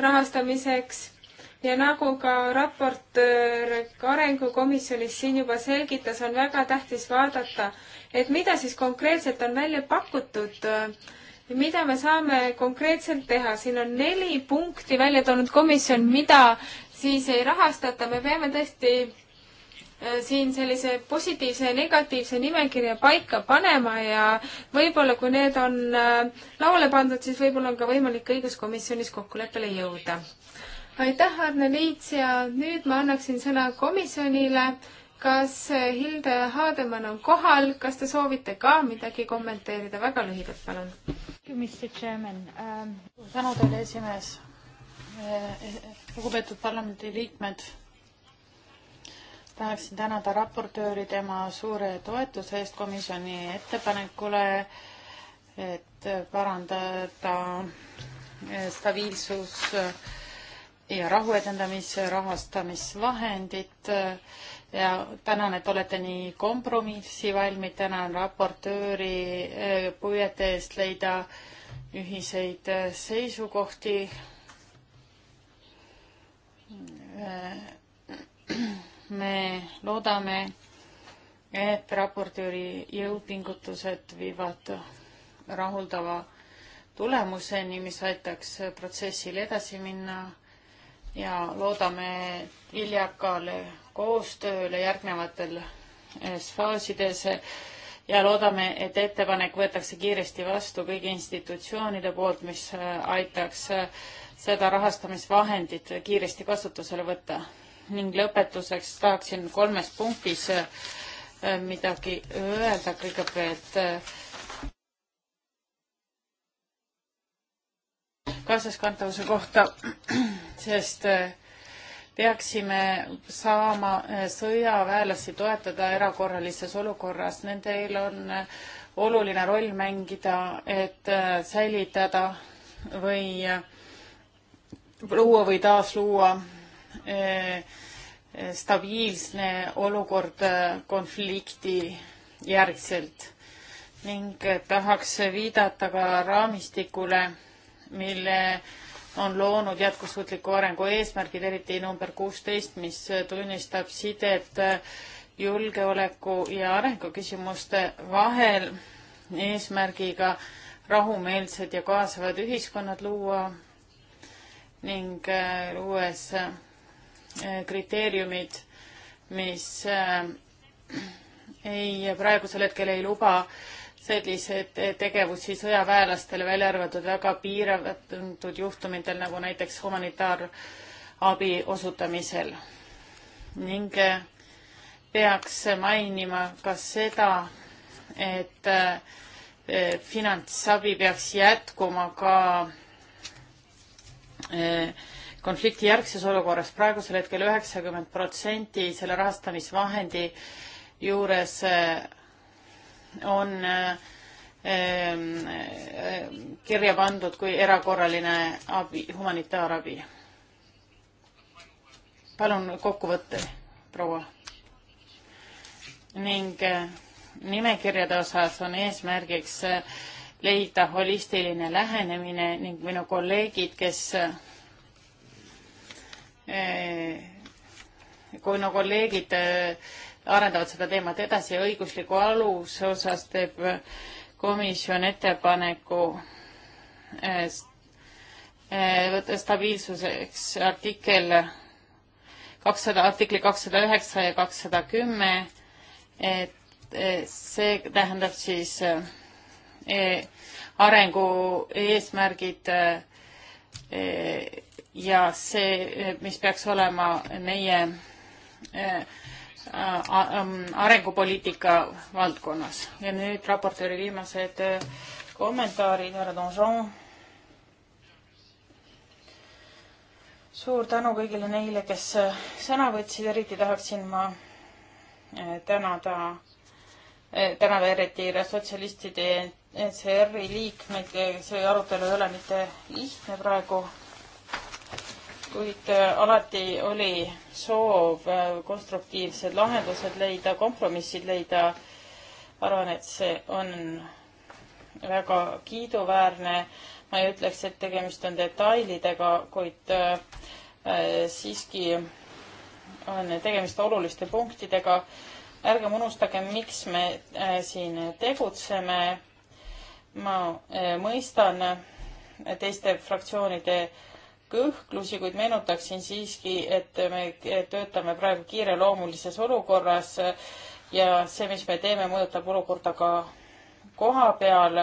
rahastamiseks ja nagu ka raportöör Arengukomisjonis siin juba selgitas, on väga tähtis vaadata, et mida siis konkreetselt on välja pakutud, mida me saame konkreetselt teha. siin on neli punkti välja toonud komisjon, mida siis ei rahastata, me peame tõesti Äh, siin sellise positiivse ja negatiivse nimekirja paika panema ja võib-olla, kui need on äh, lauale pandud, siis võib-olla on ka võimalik õiguskomisjonis kokkuleppele jõuda. aitäh, Arne Liits ja nüüd ma annaksin sõna komisjonile. kas äh, Hilde Haademann on kohal, kas te soovite ka midagi kommenteerida, väga lühidalt, palun. Ähm, tänu teile, esimees. lugupeetud parlamendiliikmed tahaksin tänada raportööri tema suure toetuse eest komisjoni ettepanekule, et parandada eh, stabiilsus eh, ja rahu edendamise rahastamisvahendit eh, ja tänan, et olete nii kompromissivalmid, tänan raportööri püüete eest leida ühiseid seisukohti <clears throat> me loodame, et raportööri jõupingutused viivad rahuldava tulemuseni, mis aitaks protsessil edasi minna ja loodame viljakale koostööle järgnevatel faasides ja loodame, et ettepanek võetakse kiiresti vastu kõigi institutsioonide poolt, mis aitaks seda rahastamisvahendit kiiresti kasutusele võtta ning lõpetuseks tahaksin kolmes punktis äh, midagi öelda kõigepealt. Äh, kaasaskantavuse kohta, <clears throat> sest äh, peaksime saama sõjaväelasi toetada erakorralises olukorras, nendel on oluline roll mängida, et säilitada või luua või taasluua Eh, eh, stabiilne olukord eh, konflikti järgselt ning tahaks viidata ka raamistikule, mille on loonud jätkusuutliku arengu eesmärgid, eriti number kuusteist, mis tunnistab sidet julgeoleku ja arenguküsimuste vahel eesmärgiga rahumeelsed ja kaasavad ühiskonnad luua ning luues äh, Äh, kriteeriumid, mis äh, ei, praegusel hetkel ei luba selliseid äh, tegevusi sõjaväelastele, välja arvatud väga piiratud juhtumitel, nagu näiteks humanitaarabi osutamisel. ning peaks mainima ka seda, et finantsabi peaks jätkuma ka äh, konflikti järgses olukorras praegusel hetkel üheksakümmend protsenti selle rahastamisvahendi juures eh, on eh, eh, kirja pandud kui erakorraline abi, humanitaarabi. palun kokkuvõtte, proua. ning nimekirjade osas on eesmärgiks leida holistiline lähenemine ning minu kolleegid, kes Eh, kui no kolleegid eh, arendavad seda teemat edasi ja õigusliku aluse osas teeb eh, komisjon ettepaneku stabiilsuseks artikkel kakssada, artikli kakssada üheksa ja kakssada kümme, et see tähendab siis arengu eesmärgid ja see, eh, mis peaks olema meie eh, arengupoliitika valdkonnas. ja nüüd raportööri viimased eh, kommentaarid, härra Donjon. suur tänu kõigile neile, kes sõna võtsid, eriti tahaksin ma tänada, tänada eriti sotsialistide ECR-i liikmeid, see arutelu ei ole mitte lihtne praegu kuid äh, alati oli soov äh, konstruktiivsed lahendused leida, kompromissid leida. arvan, et see on väga kiiduväärne. ma ei ütleks, et tegemist on detailidega, kuid äh, siiski on tegemist oluliste punktidega. ärgem unustagem, miks me siin tegutseme. ma mõistan teiste fraktsioonide äh, kõhklusi, kuid meenutaksin siiski, et me töötame praegu kiireloomulises olukorras ja see, mis me teeme, mõjutab olukorda ka koha peal.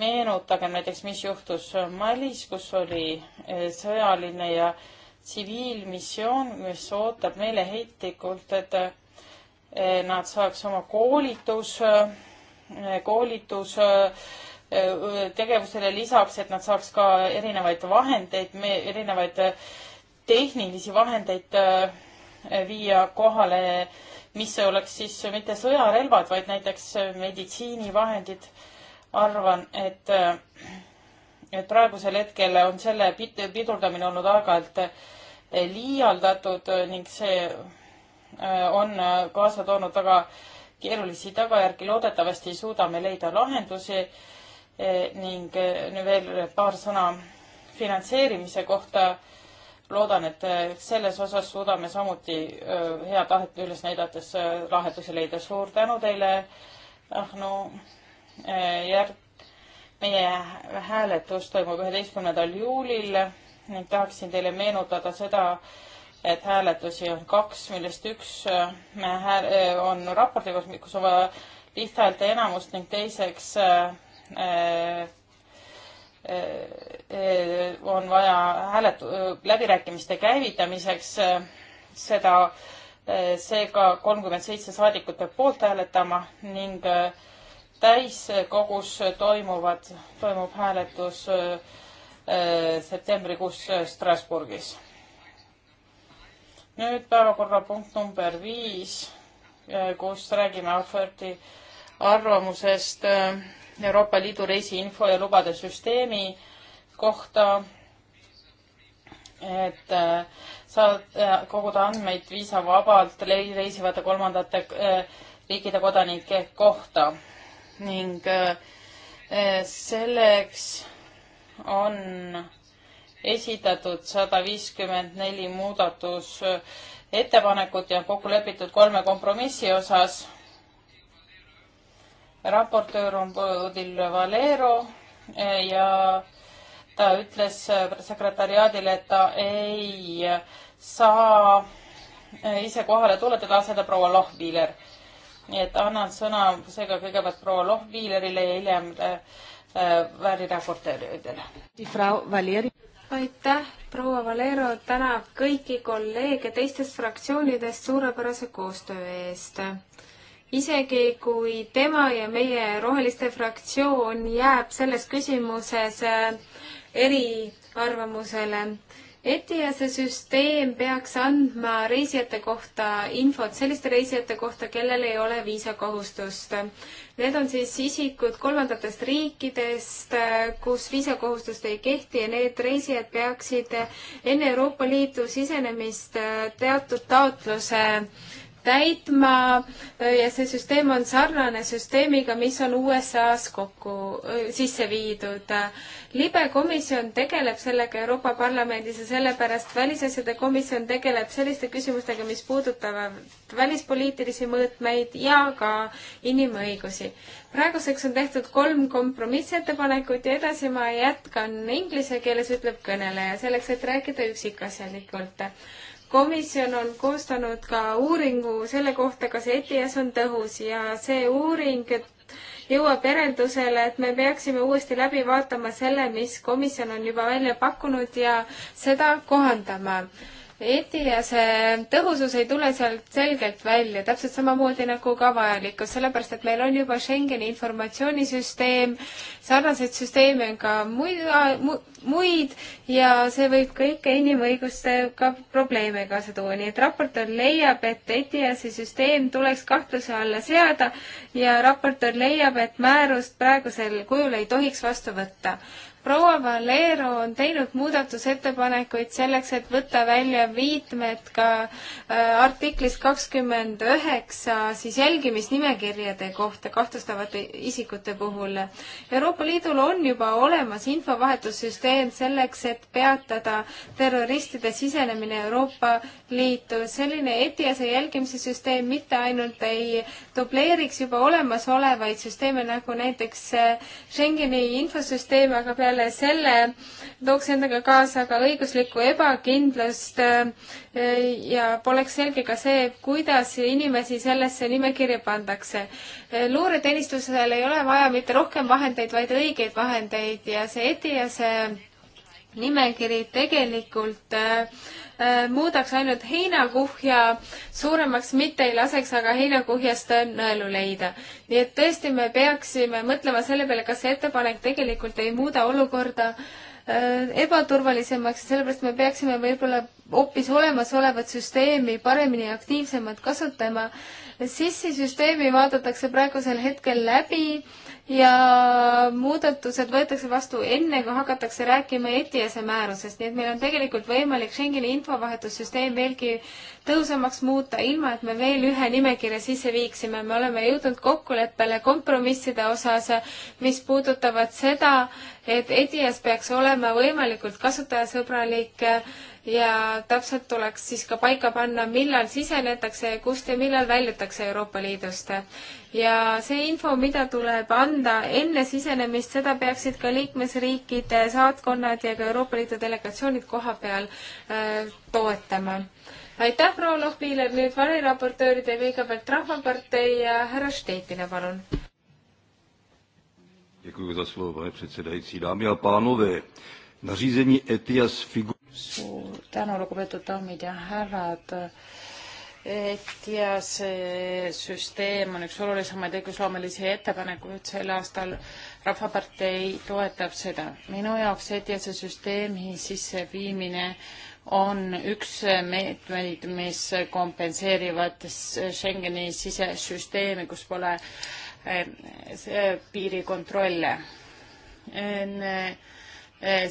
meenutagem näiteks, mis juhtus Malis, kus oli eh, sõjaline ja tsiviilmissioon, mis ootab meeleheitlikult, et eh, nad saaks oma koolitus, eh, koolitus tegevusele lisaks, et nad saaks ka erinevaid vahendeid, erinevaid äh, tehnilisi vahendeid äh, viia kohale, mis oleks siis mitte sõjarelvad, vaid näiteks meditsiinivahendid. arvan, et, äh, et praegusel hetkel on selle pidurdamine olnud aeg-ajalt liialdatud ning see on kaasa toonud väga keerulisi tagajärgi. loodetavasti suudame leida lahendusi Eh, ning eh, veel paar sõna finantseerimise kohta. loodan, et eh, selles osas suudame samuti hea tahet üles näidates lahendusi leida. suur tänu teile. ah no järg, meie hääletus toimub üheteistkümnendal juulil ning tahaksin teile meenutada seda, et hääletusi on kaks, millest üks on raportiga, kus on vaja lihthäälte enamust ning teiseks äh, Äh, äh, äh, on vaja hääletu-, läbirääkimiste käivitamiseks seda, seega kolmkümmend seitse saadikut peab poolt hääletama ning täiskogus toimuvad, toimub hääletus septembrikuus Strasbourgis. nüüd päevakorrapunkt number viis, kus räägime Ahverti arvamusest äh, Euroopa Liidu reisiinfo ja lubade süsteemi kohta, et äh, saad äh, koguda andmeid viisavabalt reisivate kolmandate äh, riikide kodanike kohta ning selleks on esitatud sada viiskümmend neli muudatusettepanekut ja kokku lepitud kolme kompromissi osas raportöör on Bodil Valero eh, ja ta ütles eh, sekretäriaadile, et ta ei saa eh, ise kohale tulla, teda asendab proua Lohviiler. nii et annan sõna seega kõigepealt proua Lohviilerile ja hiljem vääriraportööridele. aitäh, proua Valero tänab kõiki kolleege teistest fraktsioonidest suurepärase koostöö eest isegi kui tema ja meie Roheliste fraktsioon jääb selles küsimuses äh, eriarvamusele. ETIAS-e süsteem peaks andma reisijate kohta infot selliste reisijate kohta, kellel ei ole viisakohustust. Need on siis isikud kolmandatest riikidest, äh, kus viisakohustust ei kehti ja need reisijad peaksid enne Euroopa Liidu sisenemist äh, teatud taotluse äh, täitma ja see süsteem on sarnane süsteemiga, mis on USA-s kokku, sisse viidud. libe komisjon tegeleb sellega Euroopa Parlamendis ja sellepärast välisasjade komisjon tegeleb selliste küsimustega, mis puudutavad välispoliitilisi mõõtmeid ja ka inimõigusi. praeguseks on tehtud kolm kompromissettepanekut ja edasi ma jätkan inglise keeles, ütleb kõneleja, selleks et rääkida üksikasjalikult komisjon on koostanud ka uuringu selle kohta, kas ETS on tõhus ja see uuring jõuab järeldusele, et me peaksime uuesti läbi vaatama selle, mis komisjon on juba välja pakkunud ja seda kohandama ETIAS-e tõhusus ei tule sealt selgelt välja, täpselt samamoodi nagu ka vajalikkus, sellepärast et meil on juba Schengeni informatsioonisüsteem, sarnaseid süsteeme on ka muid, muid ja see võib kõike inimõigustega probleeme kaasa tuua, nii et raportöör leiab, et ETIAS-i süsteem tuleks kahtluse alla seada ja raportöör leiab, et määrust praegusel kujul ei tohiks vastu võtta proua Valero on teinud muudatusettepanekuid selleks, et võtta välja viitmed ka äh, artiklis kakskümmend üheksa siis jälgimisnimekirjade kohta kahtlustavate isikute puhul. Euroopa Liidul on juba olemas infovahetussüsteem selleks, et peatada terroristide sisenemine Euroopa Liitu. selline ETIAS-e jälgimise süsteem mitte ainult ei dubleeriks juba olemasolevaid süsteeme, nagu näiteks äh, Schengeni infosüsteem, aga peale peale selle tooks endaga kaasa ka õiguslikku ebakindlust äh, ja poleks selge ka see, kuidas inimesi sellesse nimekirja pandakse. Äh, luureteenistusel ei ole vaja mitte rohkem vahendeid, vaid õigeid vahendeid ja see ETIAS nimekiri tegelikult äh, äh, muudaks ainult heinakuhja suuremaks, mitte ei laseks aga heinakuhjast nõelu leida. nii et tõesti, me peaksime mõtlema selle peale, kas see ettepanek tegelikult ei muuda olukorda äh, ebaturvalisemaks ja sellepärast me peaksime võib-olla hoopis olemasolevat süsteemi paremini ja aktiivsemalt kasutama. sissisüsteemi vaadatakse praegusel hetkel läbi äh, ja muudatused võetakse vastu enne, kui hakatakse rääkima ETIAS-e määrusest, nii et meil on tegelikult võimalik Schengeni infovahetussüsteem veelgi tõhusamaks muuta, ilma et me veel ühe nimekirja sisse viiksime. me oleme jõudnud kokkuleppele kompromisside osas, mis puudutavad seda, et EDIAS peaks olema võimalikult kasutajasõbralik ja täpselt tuleks siis ka paika panna, millal sisenetakse ja kust ja millal väljutakse Euroopa Liidust. ja see info, mida tuleb anda enne sisenemist, seda peaksid ka liikmesriikide saatkonnad ja ka Euroopa Liidu delegatsioonid koha peal äh, toetama aitäh, proua Lohpiiler, nüüd variraportööride kõigepealt Rahvapartei ja härra Štetina, palun. Děkuji za slovo, pane předsedající. Dámy a pánové, nařízení ETIAS figur... Suur tänu, lugupeetud daamid ja härrad. ETIAS süsteem on üks olulisemaid õigusloomelisi ettepanekuid sel aastal. Rahvapartei toetab seda. Minu jaoks ETIAS süsteemi sisseviimine viimine on üks meetmeid, mis kompenseerivad Schengeni sisesüsteemi, kus pole eh, piirikontrolle. Eh,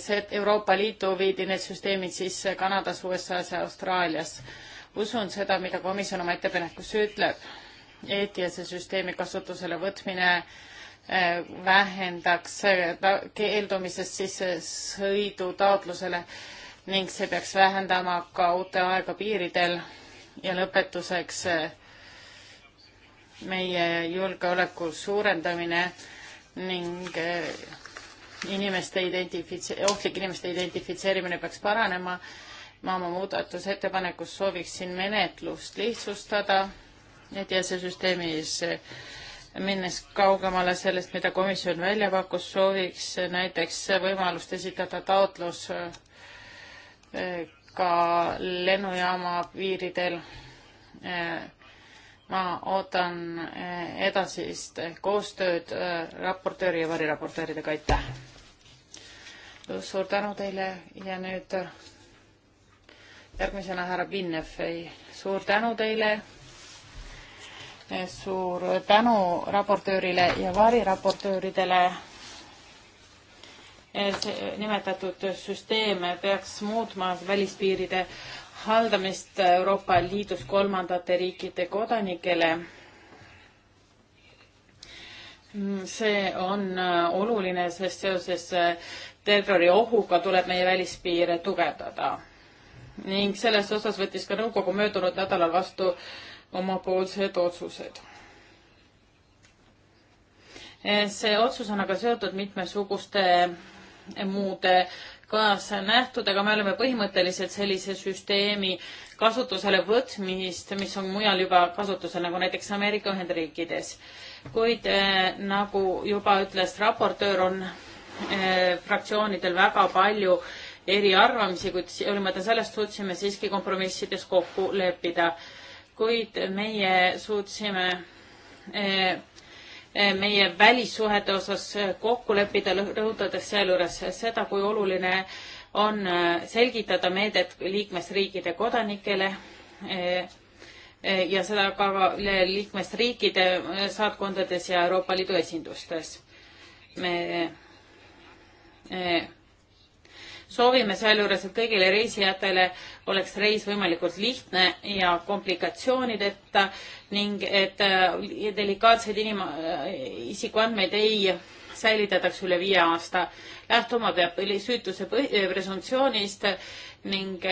see Euroopa Liitu viidi need süsteemid sisse Kanadas, USA-s ja Austraalias. usun seda, mida komisjon oma ettepanekus ütleb. ETS-e süsteemi kasutusele võtmine eh, vähendaks keeldumisest sissesõidu taotlusele äh, ning see peaks vähendama ka uute aega piiridel ja lõpetuseks eh, meie julgeoleku suurendamine ning eh, inimeste identifitse-, ohtlik inimeste identifitseerimine peaks paranema. ma oma muudatusettepanekus sooviksin menetlust lihtsustada, et ja see süsteemis eh, minnes kaugemale sellest, mida komisjon välja pakkus, sooviks näiteks võimalust esitada taotlus ka lennujaama piiridel. ma ootan edasist koostööd raportööri ja variraportööridega, aitäh! suur tänu teile ja nüüd järgmisena härra Pinnev, suur tänu teile suur tänu raportöörile ja variraportööridele Eh, eh, nimetatud süsteem peaks muutma välispiiride haldamist Euroopa Liidus kolmandate riikide kodanikele. Mm, see on eh, oluline, sest seoses terroriohuga tuleb meie välispiire tugevdada. ning selles osas võttis ka nõukogu möödunud nädalal vastu omapoolsed otsused see otsus on aga seotud mitmesuguste muude kaasnähtudega, me oleme põhimõtteliselt sellise süsteemi kasutusele võtmist, mis on mujal juba kasutusel, nagu näiteks Ameerika Ühendriikides. kuid äh, nagu juba ütles raportöör, on äh, fraktsioonidel väga palju eriarvamisi, kuid hoolimata sellest suutsime siiski kompromissides kokku leppida. kuid meie suutsime äh, Eh, meie välissuhete osas eh, kokku leppida, rõhutades sealjuures seda, kui oluline on eh, selgitada meedet liikmesriikide kodanikele ja seda ka liikmesriikide saatkondades ja Euroopa Liidu esindustes. me soovime sealjuures, et kõigile reisijatele oleks reis võimalikult lihtne ja komplikatsioonideta ning et äh, delikaatseid inim-, äh, isikuandmeid ei säilitataks üle viie aasta. lähtuma peab süütuse äh, presumptsioonist ning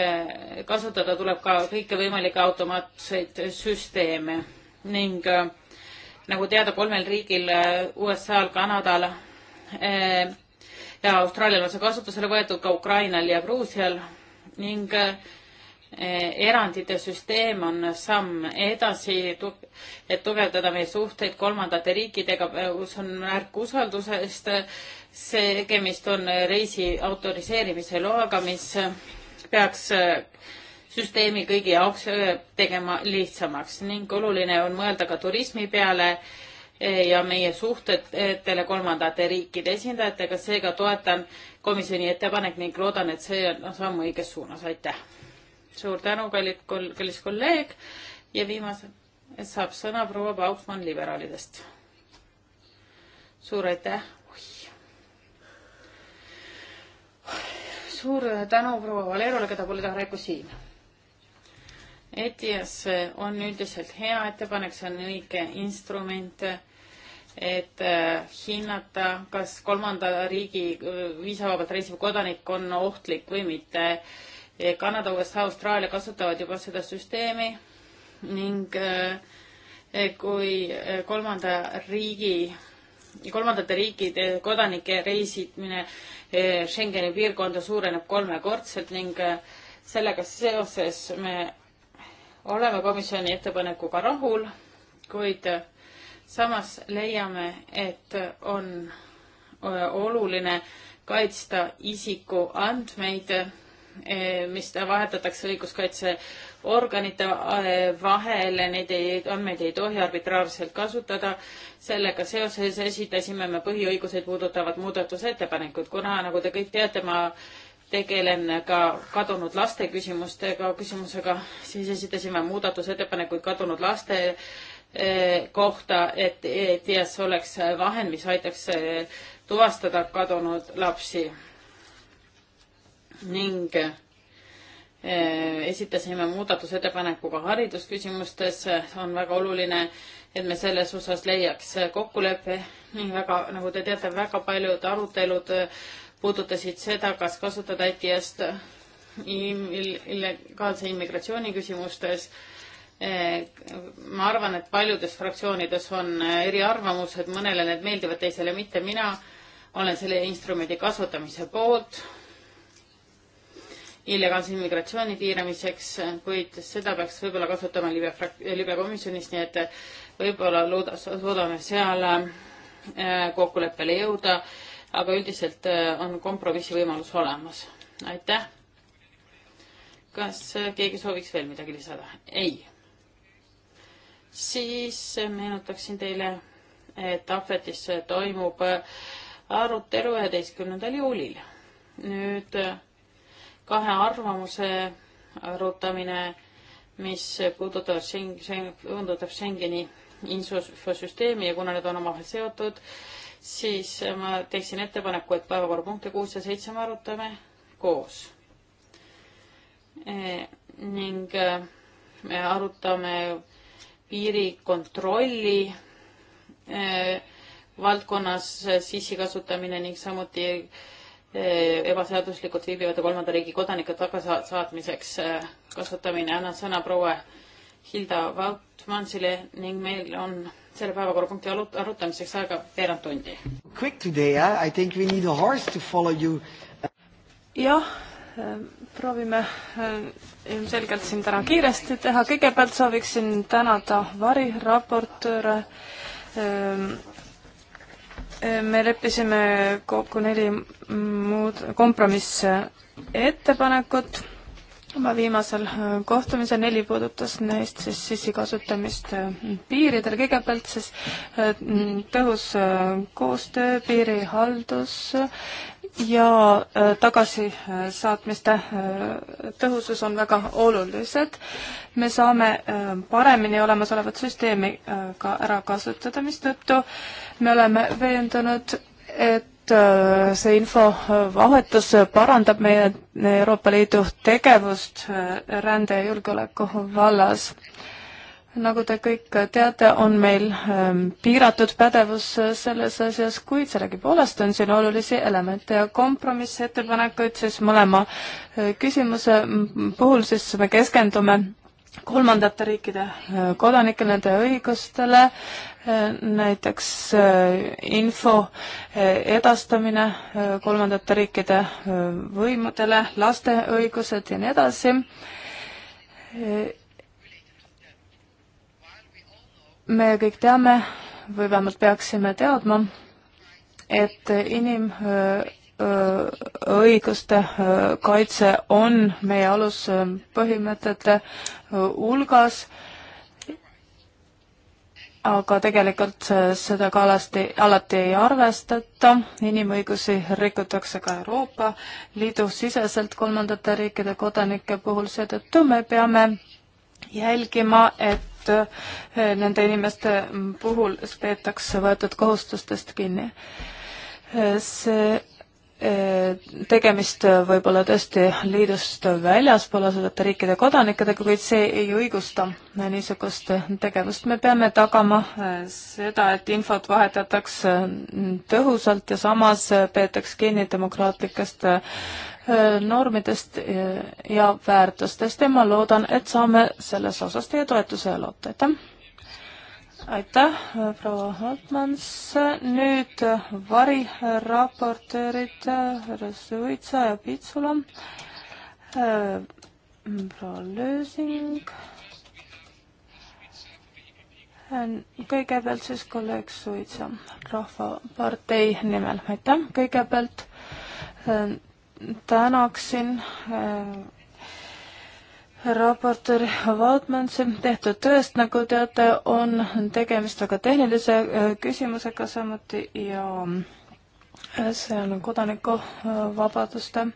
kasutada tuleb ka kõike võimalikke automaatseid süsteeme ning nagu teada, kolmel riigil USA-l, Kanadal eh, ja Austraalial on see kasutusele võetud ka Ukrainal ja Gruusial ning eh, erandite süsteem on samm edasi, et tugevdada meie suhteid kolmandate riikidega, kus on märk usaldusest. see tegemist on reisi autoriseerimise loaga, mis peaks eh, süsteemi kõigi jaoks eh, tegema lihtsamaks ning oluline on mõelda ka turismi peale ja meie suhtetele kolmandate riikide esindajatega, seega toetan komisjoni ettepanek ning loodan, et see on noh, samm õiges suunas, aitäh. suur tänu, kallid kol-, kallis kolleeg ja viimase saab sõna proua Paukmann liberaalidest. suur aitäh. suur tänu proua Valerole, keda pole praegu siin ETIAS on üldiselt hea ettepanek, see on õige instrument et äh, hinnata, kas kolmanda riigi äh, viisavabalt reisiv kodanik on ohtlik või mitte. Kanada, USA, Austraalia kasutavad juba seda süsteemi ning äh, kui kolmanda riigi, kolmandate riikide kodanike reisimine Schengeni piirkonda suureneb kolmekordselt ning sellega seoses me oleme komisjoni ettepanekuga rahul, kuid samas leiame, et on äh, oluline kaitsta isikuandmeid, äh, mis vahetatakse õiguskaitseorganite äh, vahel, neid ei, andmeid ei tohi arbitraarselt kasutada. sellega seoses esitasime me põhiõiguseid puudutavad muudatusettepanekud, kuna nagu te kõik teate, ma tegelen ka kadunud laste küsimustega, küsimusega, siis esitasime muudatusettepanekuid kadunud laste Eh, kohta, et ETS oleks vahend, mis aitaks eh, tuvastada kadunud lapsi. ning eh, esitasime muudatusettepaneku ka haridusküsimustes, on väga oluline, et me selles osas leiaks kokkuleppe ning väga, nagu te teate, väga paljud arutelud puudutasid seda, kas kasutada ETS-t illegaalse immigratsiooni küsimustes äh, Eh, ma arvan, et paljudes fraktsioonides on eh, eriarvamused, mõnele need meeldivad, teisele mitte. mina olen selle instrumendi kasutamise poolt illegaalse immigratsiooni piiramiseks, kuid seda peaks võib-olla kasutama libe frak-, libekomisjonis, nii et eh, võib-olla looda-, suudame seal kokkuleppele jõuda, aga üldiselt on kompromissi võimalus olemas. aitäh! kas keegi sooviks veel midagi lisada? ei siis meenutaksin teile, et Ahvetis toimub arutelu üheteistkümnendal juulil. nüüd kahe arvamuse arutamine, mis puudutab Schengeni Scheng,, puudutab Schengeni infosüsteemi ja kuna need on omavahel seotud, siis ma teeksin ettepaneku, et päevakorrapunkte kuus ja seitse me arutame koos e,. ning eh, me arutame piirikontrolli eh, valdkonnas sissikasutamine ning samuti eh, ebaseaduslikult viibivate kolmanda riigi kodanike tagasaatmiseks eh, kasutamine. annan sõna proua Hilda Vautmansile ning meil on selle päevakorrapunkti arutamiseks aega veerand tundi. jah, proovime äh, ilmselgelt siin täna kiiresti teha. kõigepealt sooviksin tänada variraportööre. Ähm, äh, me leppisime kokku neli muud kompromissettepanekut oma viimasel äh, kohtumisel, neli puudutas neist siis sissi kasutamist piiridel, kõigepealt siis tõhus koostöö, piirihaldus, ja äh, tagasisaatmiste äh, tõhusus on väga olulised. me saame äh, paremini olemasolevat süsteemi ka ära kasutada, mistõttu me oleme veendunud, et see infovahetus parandab meie Euroopa Liidu tegevust rände ja julgeoleku vallas nagu te kõik teate, on meil ähm, piiratud pädevus selles asjas, kuid sellegipoolest on siin olulisi elemente ja kompromissettepanekuid siis mõlema äh, küsimuse puhul siis me keskendume kolmandate riikide äh, kodanikel, nende õigustele, äh, näiteks info edastamine kolmandate riikide võimudele, laste õigused ja nii edasi me kõik teame või vähemalt peaksime teadma, et inimõiguste kaitse on meie aluspõhimõtete hulgas, aga tegelikult seda ka alasti, alati ei arvestata, inimõigusi rikutakse ka Euroopa Liidu siseselt kolmandate riikide kodanike puhul, seetõttu me peame jälgima, et et eh, nende inimeste puhul peetakse võetud kohustustest kinni. Eh, see eh, tegemist võib-olla tõesti liidust väljaspool asuvate riikide kodanikega, kuid see ei õigusta niisugust tegevust. me peame tagama seda, et infot vahetatakse mm, tõhusalt ja samas peetaks kinni demokraatlikest Äh, normidest äh, ja väärtustest ja ma loodan, et saame selles osas teie toetuse ja loota, aitäh! aitäh, äh, proua Holtmans, nüüd variraportöörid härra Suitsa ja Pitsula, proua Lösing, kõigepealt siis kolleeg Suitsa Rahvapartei nimel, aitäh, kõigepealt tänaksin äh, raportöör Vautmansi tehtud tööst, nagu teate, on tegemist väga tehnilise äh, küsimusega samuti ja äh, see on kodanikuvabaduste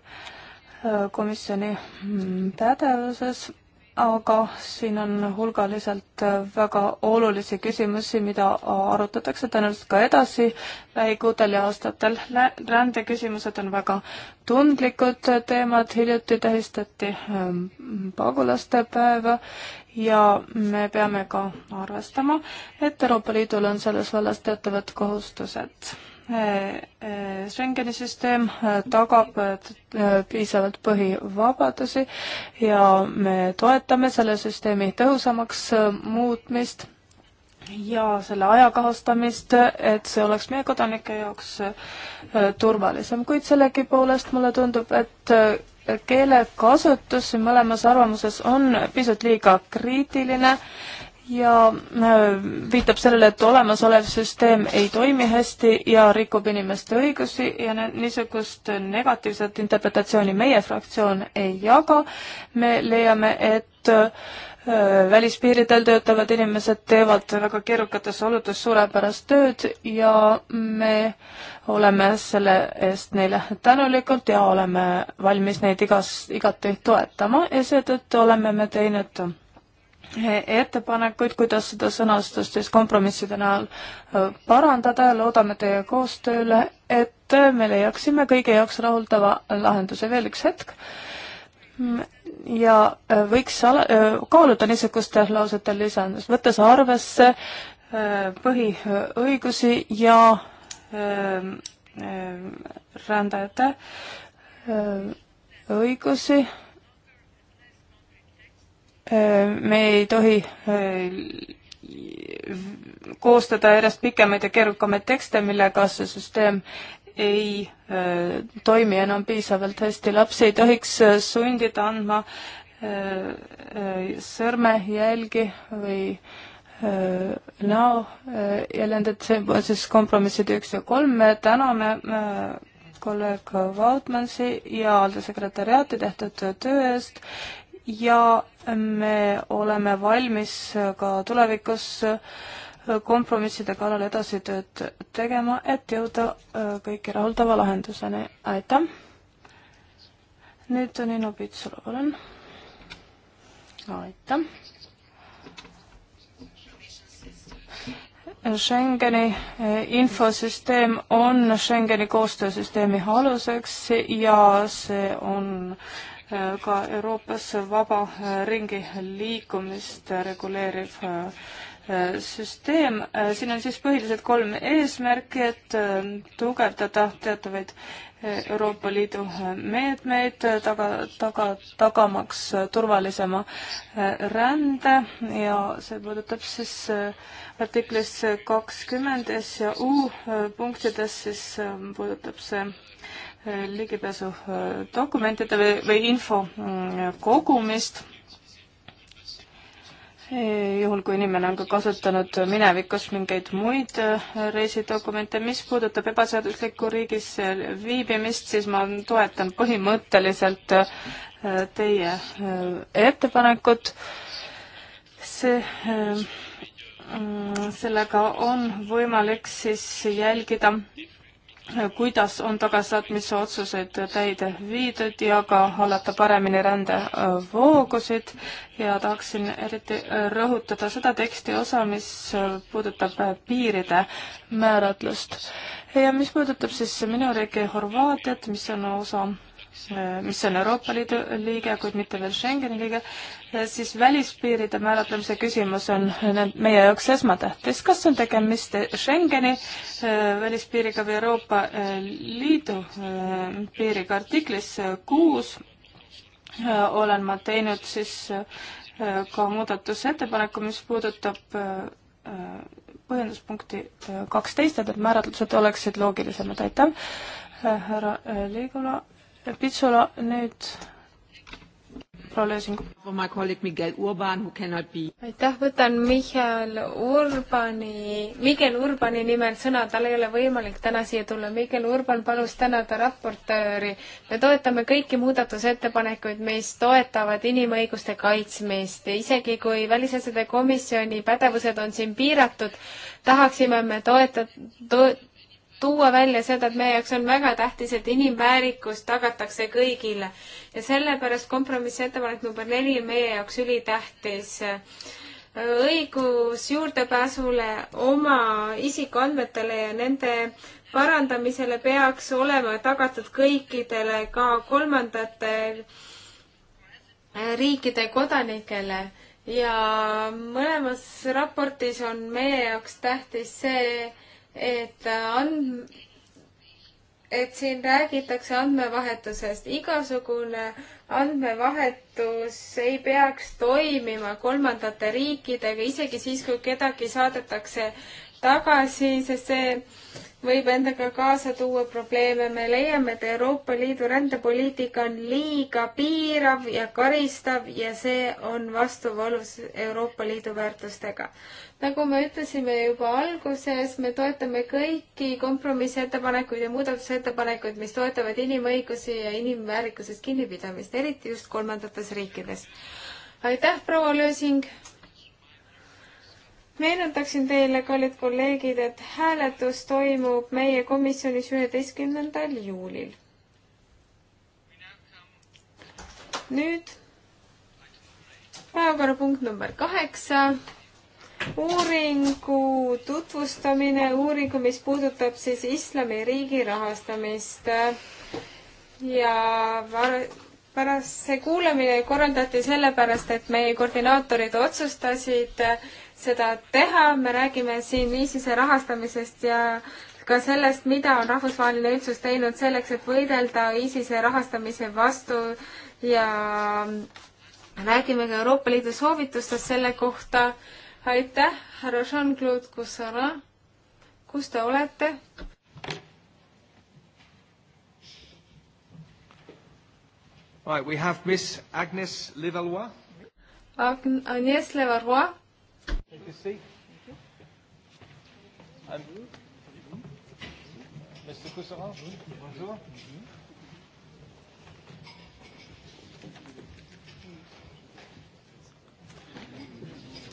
komisjoni mm, pädevuses aga siin on hulgaliselt äh, väga olulisi küsimusi, mida arutatakse tõenäoliselt ka edasi lähikuudel ja aastatel. rändeküsimused on väga tundlikud teemad, hiljuti tähistati ähm, pagulaste päeva ja me peame ka arvestama, et Euroopa Liidul on selles vallas teatavad kohustused Äh, äh, Schengeni süsteem äh, tagab piisavalt põhivabadusi ja me toetame selle süsteemi tõhusamaks muutmist ja selle ajakohastamist, et see oleks meie kodanike jaoks turvalisem, kuid sellegipoolest mulle tundub, et keelekasutus siin mõlemas arvamuses on pisut liiga kriitiline ja äh, viitab sellele, et olemasolev süsteem ei toimi hästi ja rikub inimeste õigusi ja niisugust negatiivset interpretatsiooni meie fraktsioon ei jaga. me leiame, et äh, välispiiridel töötavad inimesed teevad väga keerukates oludes suurepärast tööd ja me oleme selle eest neile tänulikud ja oleme valmis neid igas, igati toetama ja seetõttu oleme me teinud ettepanekuid, kuidas seda sõnastust siis kompromisside näol äh, parandada ja loodame teie koostööle, et äh, me leiaksime kõigi jaoks rahuldava lahenduse. veel üks hetk. Mm, ja äh, võiks ala, kaaluda niisuguste lausete lisandust, võttes arvesse põhiõigusi ja ähm, ähm, rändajate õigusi me ei tohi äh, koostada järjest pikemaid ja keerukamaid tekste, millega see süsteem ei äh, toimi enam piisavalt hästi. lapsi ei tohiks äh, sundida andma sõrmejälgi või näo jäljendid, see on siis kompromissid üks ja kolm, me täname kolleeg Vautmansi ja alltöösekretäriaati tehtud töö eest ja me oleme valmis ka tulevikus äh, kompromisside kallal edasi tööd tegema, et jõuda äh, kõiki rahuldava lahenduseni. aitäh! nüüd on Inno Pitsula, palun. aitäh! Schengeni äh, infosüsteem on Schengeni koostöösüsteemi aluseks ja see on ka Euroopas vaba ringi liikumist reguleeriv äh, süsteem. Äh, siin on siis põhiliselt kolm eesmärki, et äh, tugevdada teatavaid Euroopa Liidu meetmeid taga, taga, tagamaks turvalisema rände ja see puudutab siis artiklis kakskümmend S ja U punktides siis puudutab see ligipääsu äh, dokumentide või, või info mm, kogumist e, juhul, kui inimene on ka kasutanud minevikus mingeid muid äh, reisidokumente. mis puudutab ebaseaduslikku riigis viibimist, siis ma toetan põhimõtteliselt äh, teie ettepanekut. see, mm, sellega on võimalik siis jälgida kuidas on tagasisaatmise otsuseid täide viidud ja ka hallata paremini rändevoogusid ja tahaksin eriti rõhutada seda teksti osa, mis puudutab piiride määratlust. ja mis puudutab siis minu riigi Horvaatiat, mis on osa Äh, mis on Euroopa Liidu liige, kuid mitte veel Schengeni liige, äh, siis välispiiride määratlemise küsimus on meie jaoks esmatähtis. kas on tegemist Schengeni äh, välispiiriga või Euroopa Liidu piiriga? artiklis kuus olen ma teinud siis ka muudatusettepaneku, mis puudutab põhjenduspunkti kaksteist, et need määratlused oleksid loogilisemad. aitäh, härra Liigula Pitsula nüüd aitäh, võtan Michal Urbani, Miguel Urbani nimel sõna, tal ei ole võimalik täna siia tulla. Miguel Urban palus tänada raportööri. me toetame kõiki muudatusettepanekuid, mis toetavad inimõiguste kaitsmist, isegi kui välisasjade komisjoni pädevused on siin piiratud, tahaksime me toeta- to,, tuua välja seda, et meie jaoks on väga tähtis, et inimväärikus tagatakse kõigile ja sellepärast kompromissettepanek number neli on meie jaoks ülitähtis. õigus juurdepääsule oma isikuandmetele ja nende parandamisele peaks olema tagatud kõikidele, ka kolmandate riikide kodanikele ja mõlemas raportis on meie jaoks tähtis see, et äh, and-, et siin räägitakse andmevahetusest. igasugune andmevahetus ei peaks toimima kolmandate riikidega, isegi siis, kui kedagi saadetakse tagasi, sest see võib endaga kaasa tuua probleeme. me leiame, et Euroopa Liidu rändepoliitika on liiga piirav ja karistav ja see on vastuvoolus Euroopa Liidu väärtustega nagu me ütlesime juba alguses, me toetame kõiki kompromissettepanekuid ja muudatusettepanekuid, mis toetavad inimõigusi ja inimväärikusest kinnipidamist, eriti just kolmandates riikides. aitäh, proua Lösing! meenutaksin teile, kallid kolleegid, et hääletus toimub meie komisjonis üheteistkümnendal juulil. nüüd päevakorrapunkt number kaheksa uuringu tutvustamine, uuringu, mis puudutab siis islamiriigi rahastamist ja pärast see kuulamine korraldati sellepärast, et meie koordinaatorid otsustasid seda teha, me räägime siin ISISe rahastamisest ja ka sellest, mida on rahvusvaheline üldsus teinud selleks, et võidelda ISISe rahastamise vastu ja räägime ka Euroopa Liidu soovitustest selle kohta aitäh, härra Jean-Claude Coussara, kus te olete? Right, we have Miss Agnes Levallois. Agn Agnes Levallois. Take a seat. Um, Mr. Coussara, bonjour. bonjour.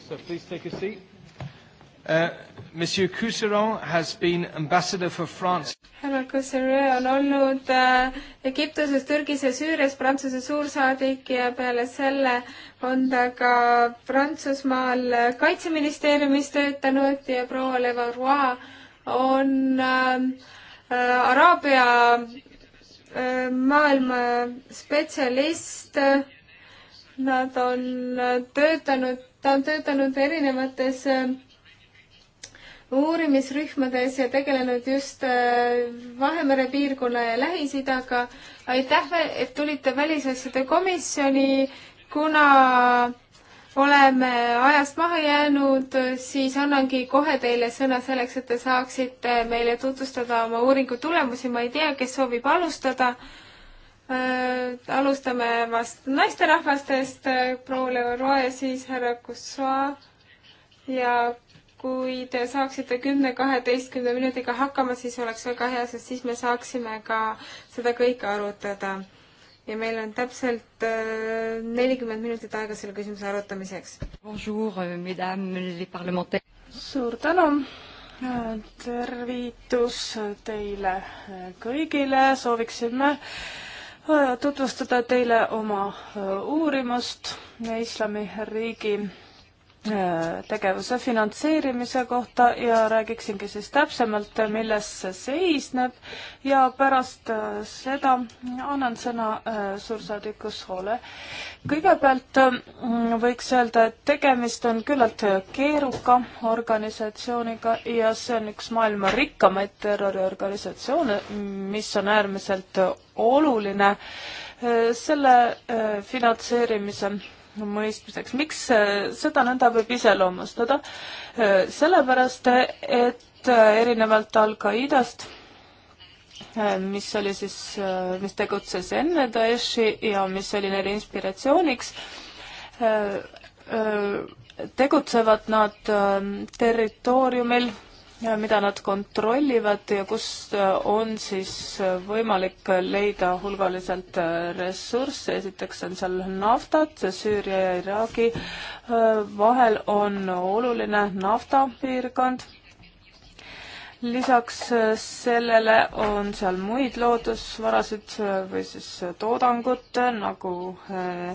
so please take a seat. Uh, Monsieur Cousseron has been ambassador for France. härra Cousseron on olnud äh, Egiptuses, Türgis ja Süürias Prantsuse suursaadik ja peale selle on ta ka Prantsusmaal kaitseministeeriumis töötanud ja proua Levarois on äh, äh, Araabia äh, maailma spetsialist äh, Nad on äh, töötanud ta on töötanud erinevates äh, uurimisrühmades ja tegelenud just äh, Vahemere piirkonna ja Lähis-Idaga. aitäh, et tulite Välisasjade Komisjoni, kuna oleme ajast maha jäänud, siis annangi kohe teile sõna selleks, et te saaksite meile tutvustada oma uuringu tulemusi. ma ei tea, kes soovib alustada Äh, alustame vast naisterahvastest, äh, proua Leroy, siis härra Kussoa ja kui te saaksite kümne-kaheteistkümne minutiga hakkama, siis oleks väga hea, sest siis me saaksime ka seda kõike arutada. ja meil on täpselt äh, nelikümmend minutit aega selle küsimuse arutamiseks. Euh, suur tänu tervitus teile kõigile, sooviksime tutvustada teile oma äh, uurimust Islamiriigi Äh, tegevuse finantseerimise kohta ja räägiksingi siis täpsemalt, milles see seisneb ja pärast äh, seda annan sõna äh, suursaadiku Soole. kõigepealt võiks öelda, et tegemist on küllalt keeruka organisatsiooniga ja see on üks maailma rikkamaid terroriorganisatsioone, mis on äärmiselt oluline selle finantseerimise mõistmiseks. miks äh, seda nõnda võib iseloomustada? Äh, sellepärast, et äh, erinevalt Al-Qaidast, mis oli siis, mis tegutses enne Daeshi ja mis oli neile inspiratsiooniks, tegutsevad nad territooriumil, mida nad kontrollivad ja kus äh, on siis äh, võimalik leida hulgaliselt äh, ressursse, esiteks on seal naftat, Süüria ja Iraagi vahel on oluline naftapiirkond. lisaks sellele on seal muid loodusvarasid või siis toodangut nagu äh,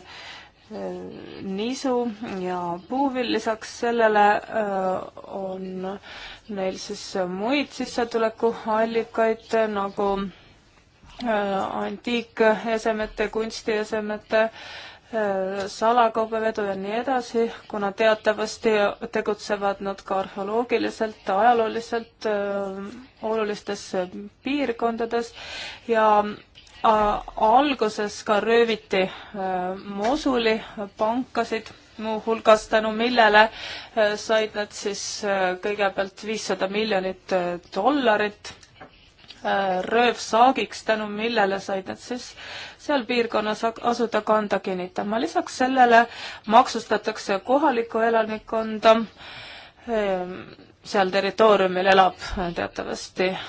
nisu ja puuvill, lisaks sellele äh, on neil siis muid sissetulekuallikaid nagu äh, antiikesemete, kunstiesemete, äh, salakaubavedu ja nii edasi, kuna teatavasti tegutsevad nad ka arheoloogiliselt, ajalooliselt olulistes piirkondades ja alguses ka rööviti äh, Mosuli pankasid, muuhulgas tänu millele äh, said nad siis äh, kõigepealt viissada miljonit dollarit röövsaagiks, tänu millele said nad siis seal piirkonnas asuda kanda kinnitama. lisaks sellele maksustatakse kohalikku elanikkonda ehm, seal territooriumil elab äh, teatavasti äh,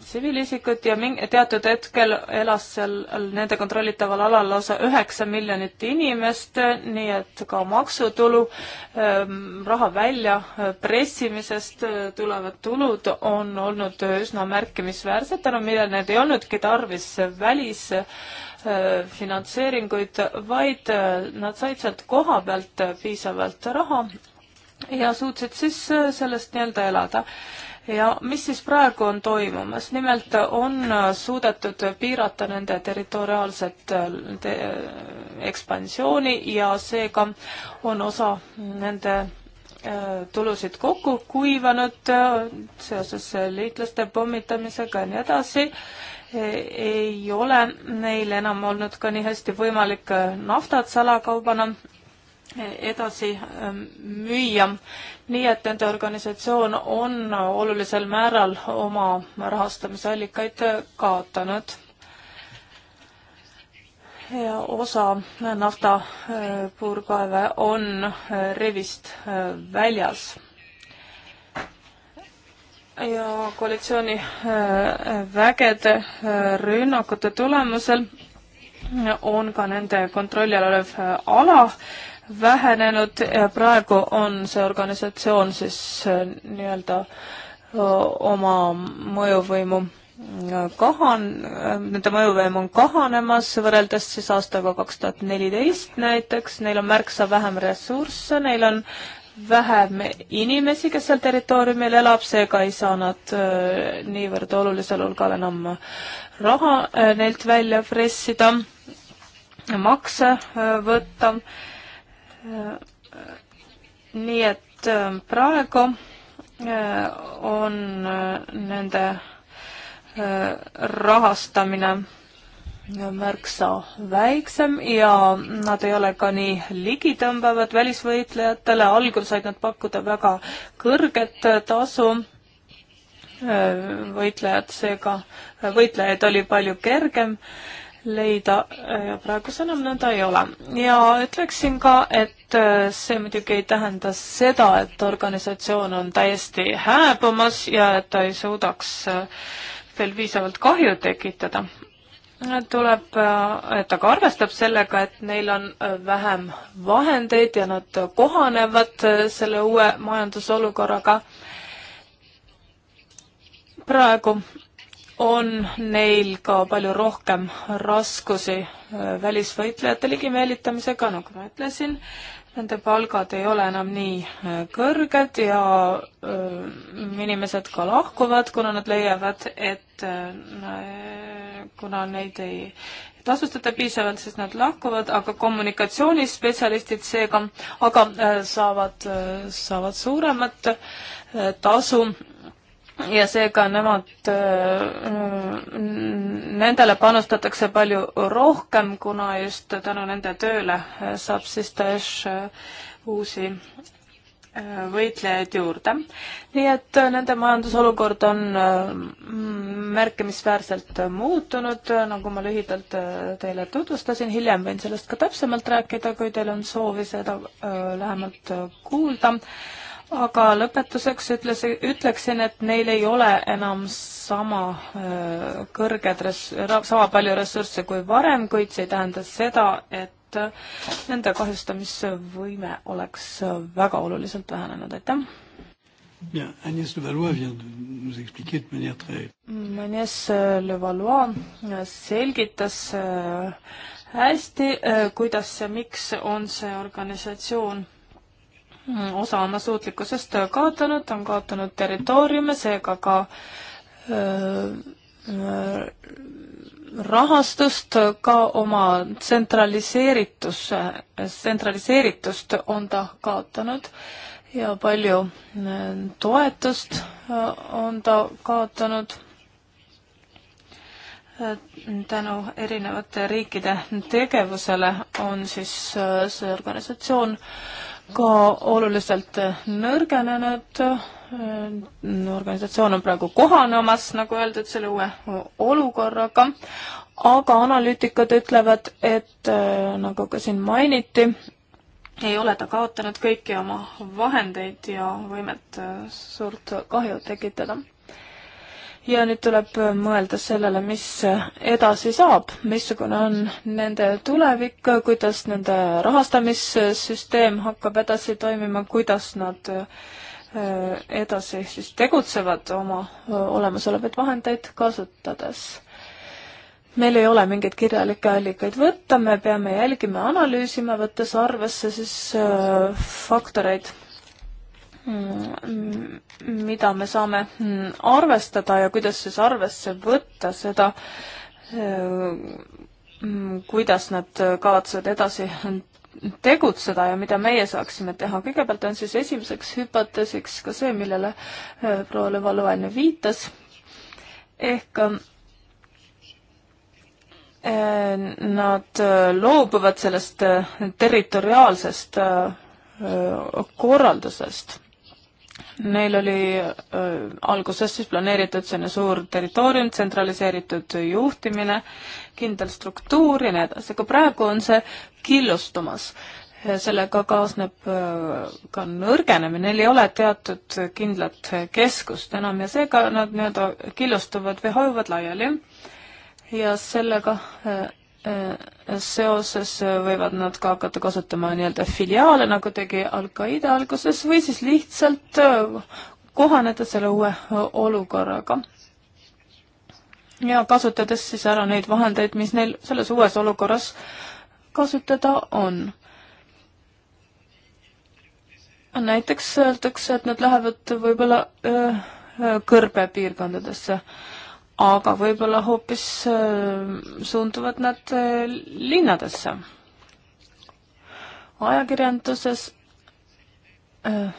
tsiviilisikut ja ming-, teatud hetkel elas seal äh, nende kontrollitaval alal lausa üheksa miljonit inimest, nii et ka maksutulu, ähm, raha väljapressimisest tulevad tulud on olnud üsna märkimisväärsed, tänu millele need ei olnudki tarvis välis finantseeringuid, vaid nad said sealt koha pealt piisavalt raha ja suutsid siis äh, sellest nii-öelda elada. ja mis siis praegu on toimumas, nimelt on äh, suudetud piirata nende territoriaalset äh, te ekspansiooni ja seega on osa nende tulusid kokku kuivanud seoses liitlaste pommitamisega ja nii edasi ei ole neil enam olnud ka nii hästi võimalik naftat salakaubana edasi ähm, müüa. nii et nende organisatsioon on olulisel määral oma rahastamisallikaid kaotanud. ja osa naftapuurkaeve äh, on äh, rivist äh, väljas ja koalitsiooni vägede rünnakute tulemusel on ka nende kontrolli all olev ala vähenenud ja praegu on see organisatsioon siis äh, nii-öelda äh, oma mõjuvõimu äh, kahan-, nende mõjuvõim on kahanemas võrreldes siis aastaga kaks tuhat neliteist näiteks, neil on märksa vähem ressursse, neil on vähem inimesi, kes seal territooriumil elab, seega ei saa nad niivõrd olulisel hulgal enam raha neilt välja pressida, makse võtta nii et äh, praegu äh, on äh, nende rahastamine märksa väiksem ja nad ei ole ka nii ligitõmbavad välisvõitlejatele, algul said nad pakkuda väga kõrget tasu, võitlejad seega, võitlejaid oli palju kergem äh, leida ja praeguse enam nõnda ei ole. ja ütleksin ka, et äh, see muidugi ei tähenda seda, et organisatsioon on täiesti hääbumas ja et ta ei suudaks äh, veel piisavalt kahju tekitada. tuleb, äh, et aga arvestab sellega, et neil on vähem vahendeid ja nad kohanevad selle uue majandusolukorraga praegu on neil ka palju rohkem raskusi äh, välisvõitlejate ligi meelitamisega, nagu ma ütlesin, nende palgad ei ole enam nii äh, kõrged ja öö, äh, inimesed ka lahkuvad, kuna nad leiavad, et öö, kuna neid ei tasustata piisavalt, siis nad lahkuvad, aga kommunikatsioonispetsialistid seega, aga öö, saavad, saavad suuremat öö, tasu ja seega nemad, äh, nendele panustatakse palju rohkem, kuna just tänu nende tööle saab siis Daesh äh, uusi äh, võitlejaid juurde. nii et nende majandusolukord on märkimisväärselt muutunud, nagu ma lühidalt teile tutvustasin, hiljem võin sellest ka täpsemalt rääkida, kui teil on soovi seda lähemalt kuulda aga lõpetuseks ütles, ütleksin, et neil ei ole enam sama äh, kõrged res-, sama palju ressursse kui varem, kuid see ei tähenda seda, et äh, nende kahjustamisvõime oleks äh, väga oluliselt vähenenud, aitäh! Bien, Agnès Levallois vient de nous expliquer de manière très... Agnès Levallois selgitas hästi, kuidas ja miks on see organisatsioon Mm, osa oma suutlikkusest kaotanud, on kaotanud territooriume, seega ka öö, äh, äh, rahastust, ka oma tsentraliseeritus, tsentraliseeritust on ta kaotanud ja palju äh, toetust on ta kaotanud tänu erinevate riikide tegevusele on siis see organisatsioon äh, ka oluliselt nõrgenenud. Äh, organisatsioon on praegu kohanemas, nagu öeldud, selle uue olukorraga, aga analüütikud ütlevad, et äh, nagu ka siin mainiti, ei ole ta kaotanud kõiki oma vahendeid ja võimet äh, suurt kahju tekitada ja nüüd tuleb äh, mõelda sellele, mis äh, edasi saab, missugune on nende tulevik, äh, kuidas nende rahastamissüsteem hakkab edasi toimima, kuidas nad edasi siis tegutsevad oma olemasolevaid vahendeid kasutades. meil ei ole mingeid kirjalikke allikaid võtta, me peame jälgima ja analüüsima, võttes arvesse siis faktoreid Mm, mida me saame mm, arvestada ja kuidas siis arvesse võtta seda, äh, mm, kuidas nad kavatsevad edasi tegutseda ja mida meie saaksime teha. kõigepealt on siis esimeseks hüpoteesiks ka see, millele äh, proua Levalu enne viitas, ehk äh, nad loobuvad sellest territoriaalsest korraldusest Neil oli äh, alguses siis planeeritud selline suur territoorium, tsentraliseeritud juhtimine, kindel struktuur ja nii edasi, aga praegu on see killustumas. sellega kaasneb äh, ka nõrgenemine, neil ei ole teatud kindlat keskust enam ja seega nad nii-öelda killustuvad või hajuvad laiali. ja sellega äh, Äh, seoses äh, võivad nad ka hakata kasutama nii-öelda filiaale, nagu tegi Al-Qaeda alguses, või siis lihtsalt äh, kohaneda selle uue olukorraga. ja kasutades siis ära neid vahendeid, mis neil selles uues olukorras kasutada on. näiteks öeldakse, et nad lähevad võib-olla kõrbepiirkondadesse äh, aga võib-olla hoopis äh, suunduvad nad äh, linnadesse. ajakirjanduses äh,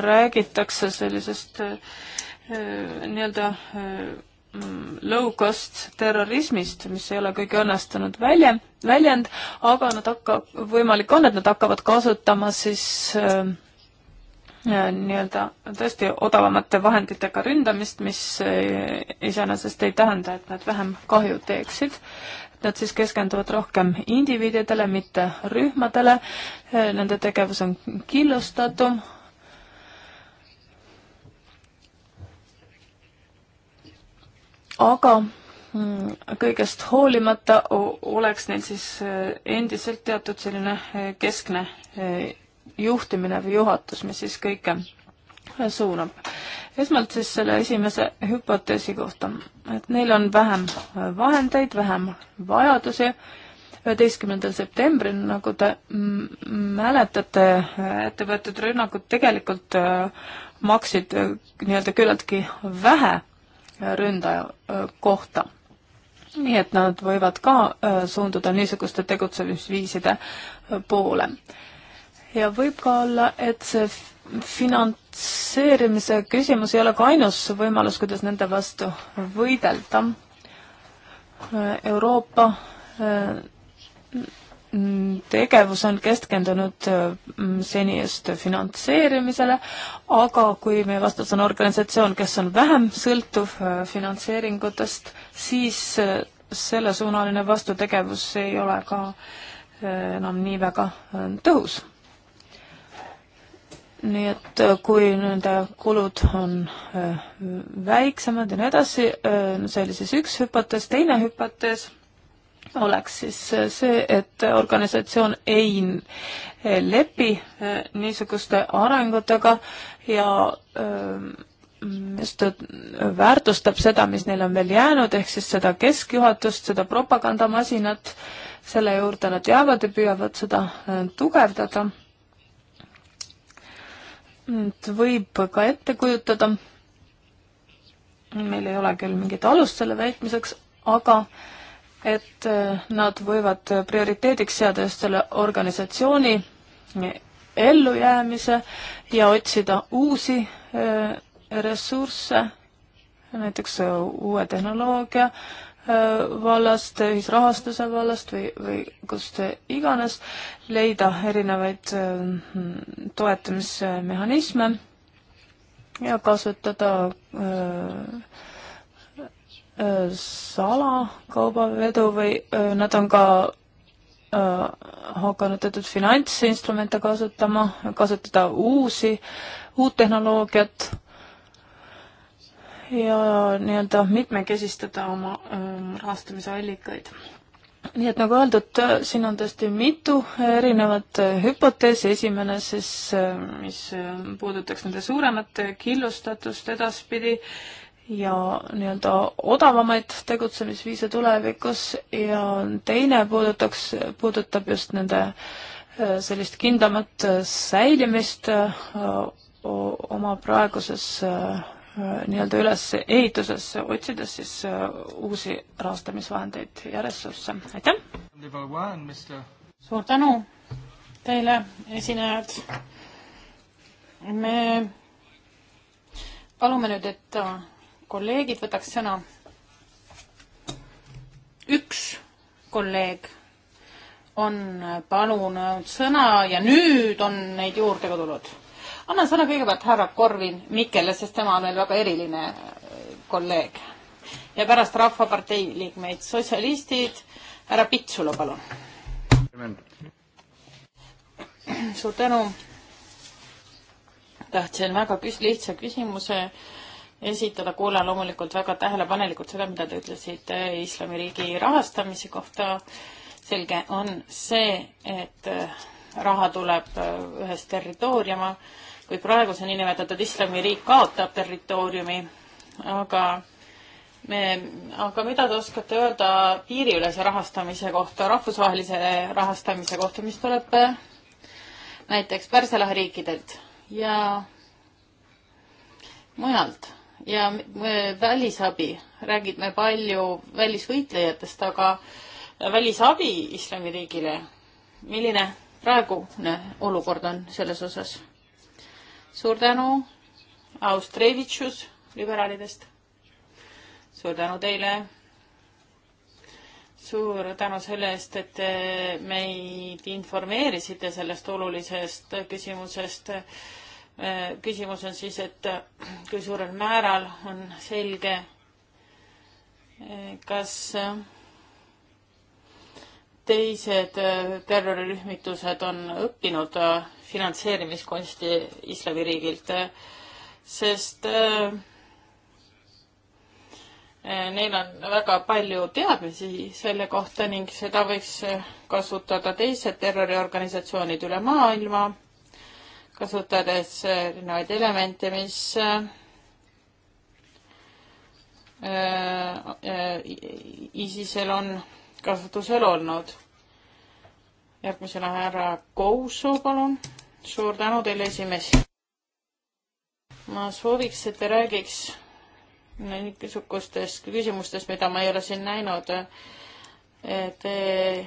räägitakse sellisest nii-öelda mm, low-cost terrorismist, mis ei ole kõige õnnestunud välja, väljend, aga nad hakka-, võimalik on, et nad hakkavad kasutama siis äh, nii-öelda tõesti odavamate vahenditega ründamist, mis e, iseenesest ei tähenda, et nad vähem kahju teeksid. Nad siis keskenduvad rohkem indiviididele, mitte rühmadele. E, nende tegevus on killustatum. aga mm, kõigest hoolimata oleks neil siis e, endiselt teatud selline keskne juhtimine või juhatus, mis siis kõike suunab. esmalt siis selle esimese hüpoteesi kohta, et neil on vähem vahendeid, vähem vajadusi, üheteistkümnendal septembril, nagu te mäletate, ettevõtted rünnakud tegelikult äh, maksid äh, nii-öelda küllaltki vähe ründaja äh, kohta. nii et nad võivad ka suunduda niisuguste tegutsemisviiside poole ja võib ka olla, et see finantseerimise küsimus ei ole ka ainus võimalus, kuidas nende vastu võidelda. Euroopa äh, tegevus on keskendunud äh, seni just finantseerimisele, aga kui meie vastus on organisatsioon, kes on vähem sõltuv äh, finantseeringutest, siis sellesuunaline vastutegevus ei ole ka enam nii väga tõhus nii et äh, kui nende kulud on äh, väiksemad ja nii edasi, äh, no see oli siis üks hüpotees, teine hüpotees oleks siis see, et organisatsioon ei lepi niisuguste arengutega ja just väärtustab seda, mis neil on veel jäänud, ehk siis seda keskjuhatust, seda propagandamasinat, selle juurde nad jäävad ja püüavad seda tugevdada et võib ka ette kujutada, meil ei ole küll mingit alust selle väitmiseks, aga et äh, nad võivad prioriteediks seada just selle organisatsiooni ellujäämise ja otsida uusi äh, ressursse, näiteks äh, uue tehnoloogia Äh, vallast, ühisrahastuse vallast või, või kust iganes, leida erinevaid äh, toetamismehhanisme ja kasutada äh, salakaubavedu või nad on ka hakanud teatud finantsinstrumente kasutama, kasutada uusi, uut tehnoloogiat ja nii-öelda mitmekesistada oma ähm, rahastamisallikaid. nii et nagu öeldud, siin on tõesti mitu erinevat äh, hüpoteesi, esimene siis, äh, mis äh, puudutaks nende suuremat killustatust edaspidi ja nii-öelda odavamaid tegutsemisviise tulevikus ja teine puudutaks, puudutab just nende sellist kindlamat säilimist oma praeguses Äh, nii-öelda ülesehitusesse, otsides siis äh, uusi rahastamisvahendeid ja ressursse, aitäh! suur tänu teile, esinejad! me palume nüüd, et äh, kolleegid võtaks sõna. üks kolleeg on palunud sõna ja nüüd on neid juurde ka tulnud annan sõna kõigepealt härra Korvin Mikkele, sest tema on meil väga eriline äh, kolleeg. ja pärast Rahvapartei liikmeid, sotsialistid, härra Pitsula, palun. suur tänu. tahtsin väga küs-, lihtsa küsimuse esitada, kuulan loomulikult väga tähelepanelikult seda, mida te ütlesite Islamiriigi rahastamise kohta. selge on see, et äh, raha tuleb äh, ühes territooriumi kui praegu see niinimetatud islamiriik kaotab territooriumi, aga me, aga mida te oskate öelda piiriülese rahastamise kohta, rahvusvahelise rahastamise kohta, mis tuleb äh, näiteks Pärsia lahe riikidelt ja mujalt ja äh, välisabi, räägime palju välisvõitlejatest, aga välisabi islamiriigile, milline praegune olukord on selles osas? suur tänu, Austrevitšus liberaalidest. suur tänu teile. suur tänu selle eest, et te meid informeerisite sellest olulisest küsimusest. Äh, küsimus on siis, et äh, kui suurel määral on selge, äh, kas teised terrorirühmitused on õppinud finantseerimiskunsti islamiriigilt, sest äh, äh, neil on väga palju teadmisi selle kohta ning seda võiks kasutada teised terroriorganisatsioonid üle maailma, kasutades äh, erinevaid elemente, mis ISISel on kasutusel olnud järgmisena härra Kousu, palun. suur tänu teile, esimees. ma sooviks, et te räägiks niisugustest küsimustest, mida ma ei ole siin näinud. Te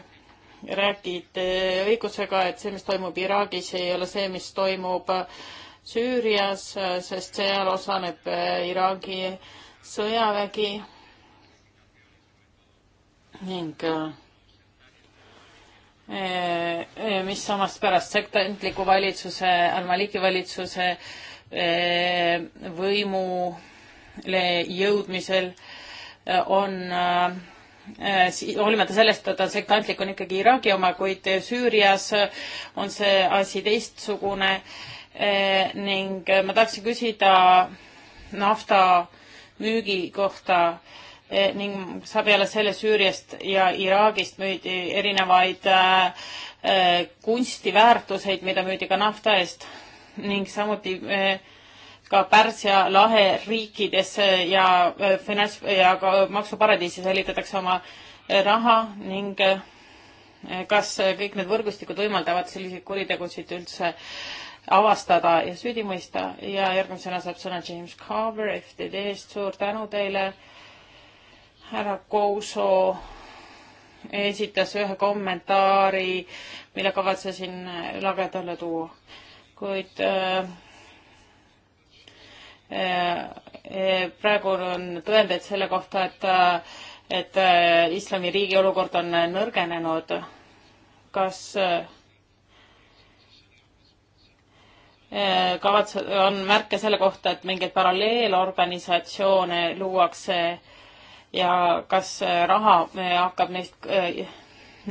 räägite õigusega, et see, mis toimub Iraagis, ei ole see, mis toimub Süürias, sest seal osaleb Iraagi sõjavägi ning äh, Eh, eh, mis samas pärast sektantliku valitsuse, Al-Maliki valitsuse eh, võimule jõudmisel on hoolimata sellest, et sektantlik on ikkagi Iraagi oma, kuid Süürias on see asi teistsugune ning ma tahaksin küsida nafta müügi kohta äh, Eh, ning peale selle Süüriast ja Iraagist müüdi erinevaid eh, eh, kunstiväärtuseid, mida müüdi ka nafta eest ning samuti ka Pärsia lahe riikides ja finants- ja ka maksuparadiisis hävitatakse oma raha ning kas kõik need võrgustikud võimaldavad selliseid kuritegusid üldse avastada ja süüdi mõista ja järgmisena saab sõna James Carver FTD-st, suur tänu teile härra Kouso esitas ühe kommentaari, mille kavatsesin lagedale tuua, kuid äh, äh, äh praegu on tõendeid selle kohta, et, et äh, islamiriigi olukord on nõrgenenud. kas äh, äh, kavatse-, on märke selle kohta, et mingeid paralleelorganisatsioone luuakse ja kas raha eh, hakkab neist eh,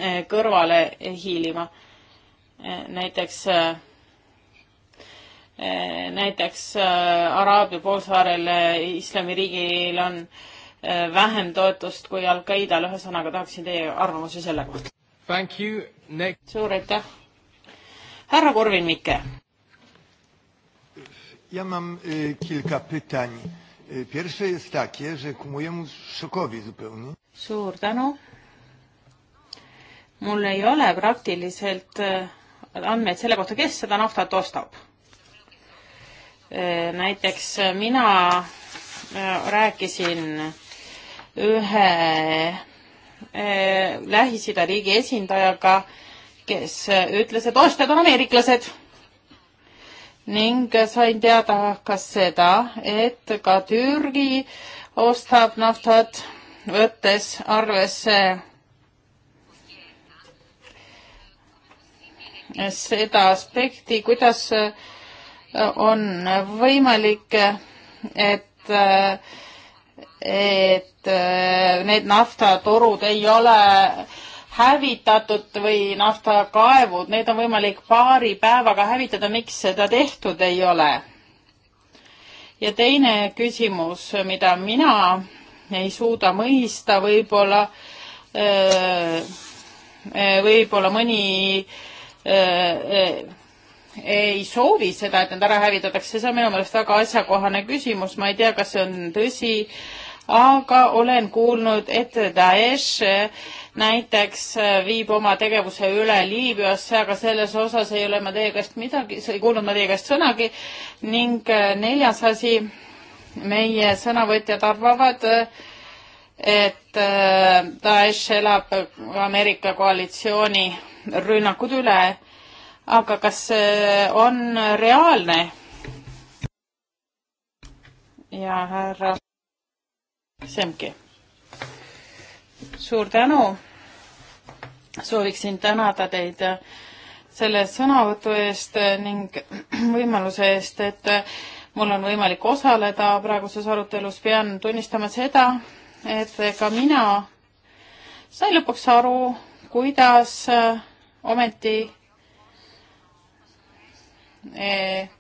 eh, kõrvale hiilima. näiteks, näiteks Araabia poolsaarel islamiriigil on vähem toetust kui Al-Qaidal, ühesõnaga tahaksin teie arvamusi selle kohta. suur aitäh. härra Korvin Mikke. ja ma kilka pütani Pierwsze jest takie, że ku mojemu szokowi zupełnie. Suur tänu. Mul ei ole praktiliselt äh, andmeid selle kohta, kes seda naftat ostab. Äh, näiteks mina äh, rääkisin ühe Lähis-Ida riigi esindajaga, kes ütles, et ostjad on ameeriklased ning sain teada ka seda, et ka Türgi ostab naftat, võttes arvesse seda aspekti, kuidas on võimalik, et, et need naftatorud ei ole hävitatud või naftakaevud, need on võimalik paari päevaga hävitada, miks seda tehtud ei ole? ja teine küsimus, mida mina ei suuda mõista, võib-olla, äh, äh, võib-olla mõni äh, ei soovi seda, et nad ära hävitatakse, see on minu meelest väga asjakohane küsimus, ma ei tea, kas see on tõsi, aga olen kuulnud, et Daesh näiteks äh, viib oma tegevuse üle Liibüasse, aga selles osas ei ole ma teie käest midagi, ei kuulnud ma teie käest sõnagi. ning äh, neljas asi, meie sõnavõtjad arvavad, äh, et Daesh elab Ameerika koalitsiooni rünnakud üle. aga kas see on reaalne? ja härra Semki suur tänu sooviksin tänada teid selle sõnavõtu eest ning <clears throat> võimaluse eest, et mul on võimalik osaleda praeguses arutelus, pean tunnistama seda, et ka mina sain lõpuks aru, kuidas äh, ometi äh,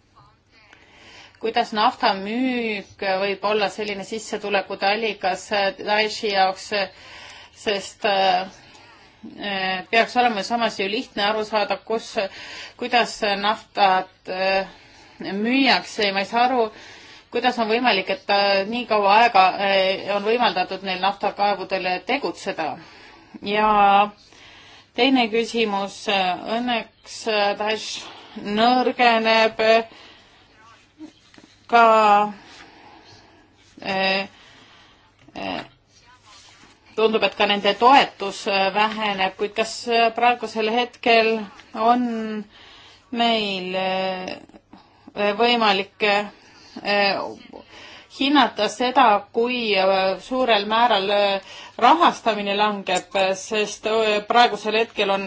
kuidas naftamüük võib olla selline sissetulekute allikas äh, Daeshi jaoks, sest Eh, peaks olema samas ju lihtne aru saada, kus, kuidas naftat eh, müüakse ja ma ei saa aru, kuidas on võimalik, et nii kaua aega eh, on võimaldatud neil naftakaevudel tegutseda. ja teine küsimus, õnneks Daesh nõrgeneb ka äh, äh, tundub, et ka nende toetus äh, väheneb, kuid kas äh, praegusel hetkel on meil äh, võimalik hinnata seda, kui suurel määral rahastamine langeb, sest praegusel hetkel on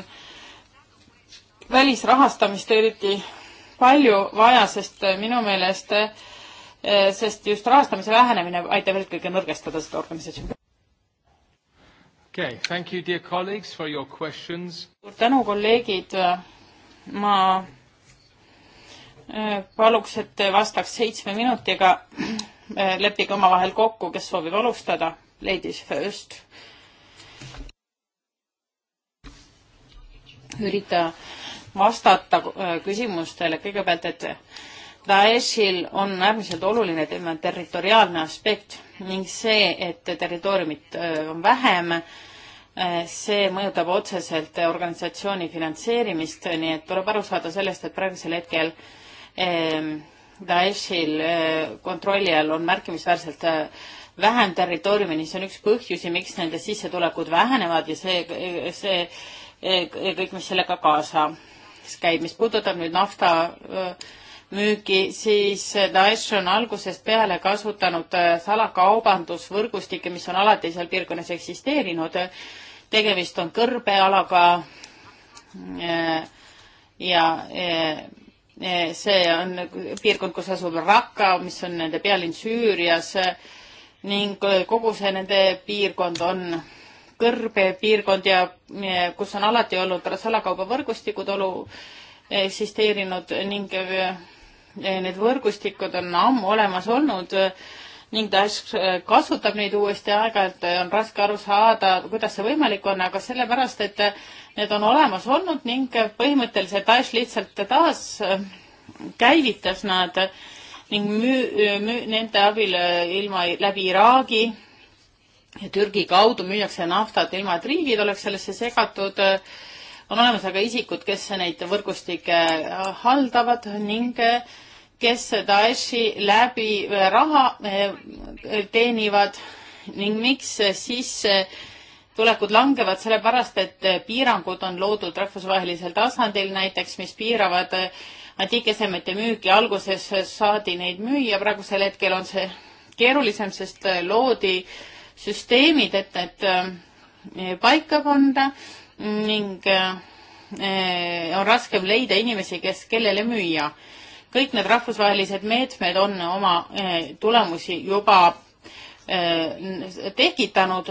välisrahastamist eriti palju vaja, sest minu meelest, sest just rahastamise vähenemine aitab eelkõige nõrgestada seda organisatsiooni. Okay, thank you, dear colleagues, for your questions. suur tänu, kolleegid. ma äh, paluks, et te vastaks seitsme minutiga. Äh, leppige omavahel kokku, kes soovib alustada. Ladies first. ürita vastata äh, küsimustele kõigepealt, et Daeshil on äärmiselt oluline tema territoriaalne aspekt ning see, et territooriumit on vähem, see mõjutab otseselt organisatsiooni finantseerimist, nii et tuleb aru saada sellest, et praegusel hetkel Daeshil kontrolli all on märkimisväärselt vähem territooriumi, nii see on üks põhjusi, miks nende sissetulekud vähenevad ja see, see kõik, mis sellega kaasa käib. mis puudutab nüüd nafta öö, müüki, siis Daesh on algusest peale kasutanud äh, salakaubandusvõrgustikke, mis on alati seal piirkonnas eksisteerinud. tegemist on kõrbealaga äh, ja äh, see on piirkond, kus asub Raqqa, mis on nende pealinn Süürias ning kogu see nende piirkond on kõrbepiirkond ja kus on alati olnud salakaubavõrgustikud olu eksisteerinud ning Eh, need võrgustikud on ammu olemas olnud eh, ning Daesh kasutab neid uuesti aeg-ajalt, eh, on raske aru saada, kuidas see võimalik on, aga sellepärast, et need on olemas olnud ning põhimõtteliselt Daesh lihtsalt taas käivitas nad ning müü-, müü-, nende abil ilma, läbi Iraagi ja Türgi kaudu müüakse naftat ilma, et riigid oleks sellesse segatud äh, on olemas aga isikud, kes neid võrgustikke äh, haldavad ning äh, kes Daeshi läbi äh, raha teenivad ning miks siis tulekud langevad, sellepärast et piirangud on loodud rahvusvahelisel tasandil näiteks, mis piiravad antiikesemete müüki, alguses saadi neid müüa, praegusel hetkel on see keerulisem, sest loodi süsteemid, et need paika panna ning äh, äh, on raskem leida inimesi, kes, kellele müüa. kõik need rahvusvahelised meetmed on oma äh, tulemusi juba tekitanud,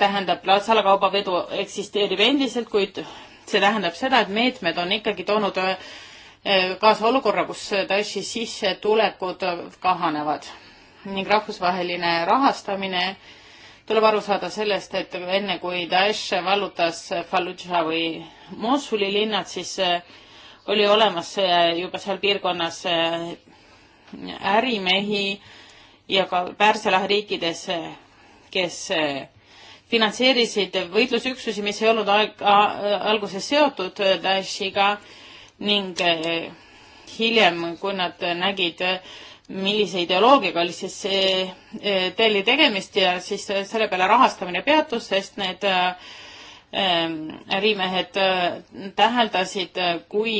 tähendab, salakaubavedu eksisteerib endiselt, kuid see tähendab seda, et meetmed on ikkagi toonud kaasa olukorra, kus Daeshi sissetulekud kahanevad ning rahvusvaheline rahastamine äh, tuleb aru saada sellest, et enne kui Daesh vallutas Fallujah või Mosuli linnad, siis eh, oli olemas eh, juba seal piirkonnas eh, ärimehi ja ka Pärsia lahe riikides, kes finantseerisid võitlusüksusi, mis ei olnud aeg, alguses seotud Daeshiga ning hiljem, kui nad nägid äh, millise ideoloogiaga oli siis see eh, telli tegemist ja siis selle peale rahastamine peatus, sest need ärimehed eh, eh, täheldasid, kui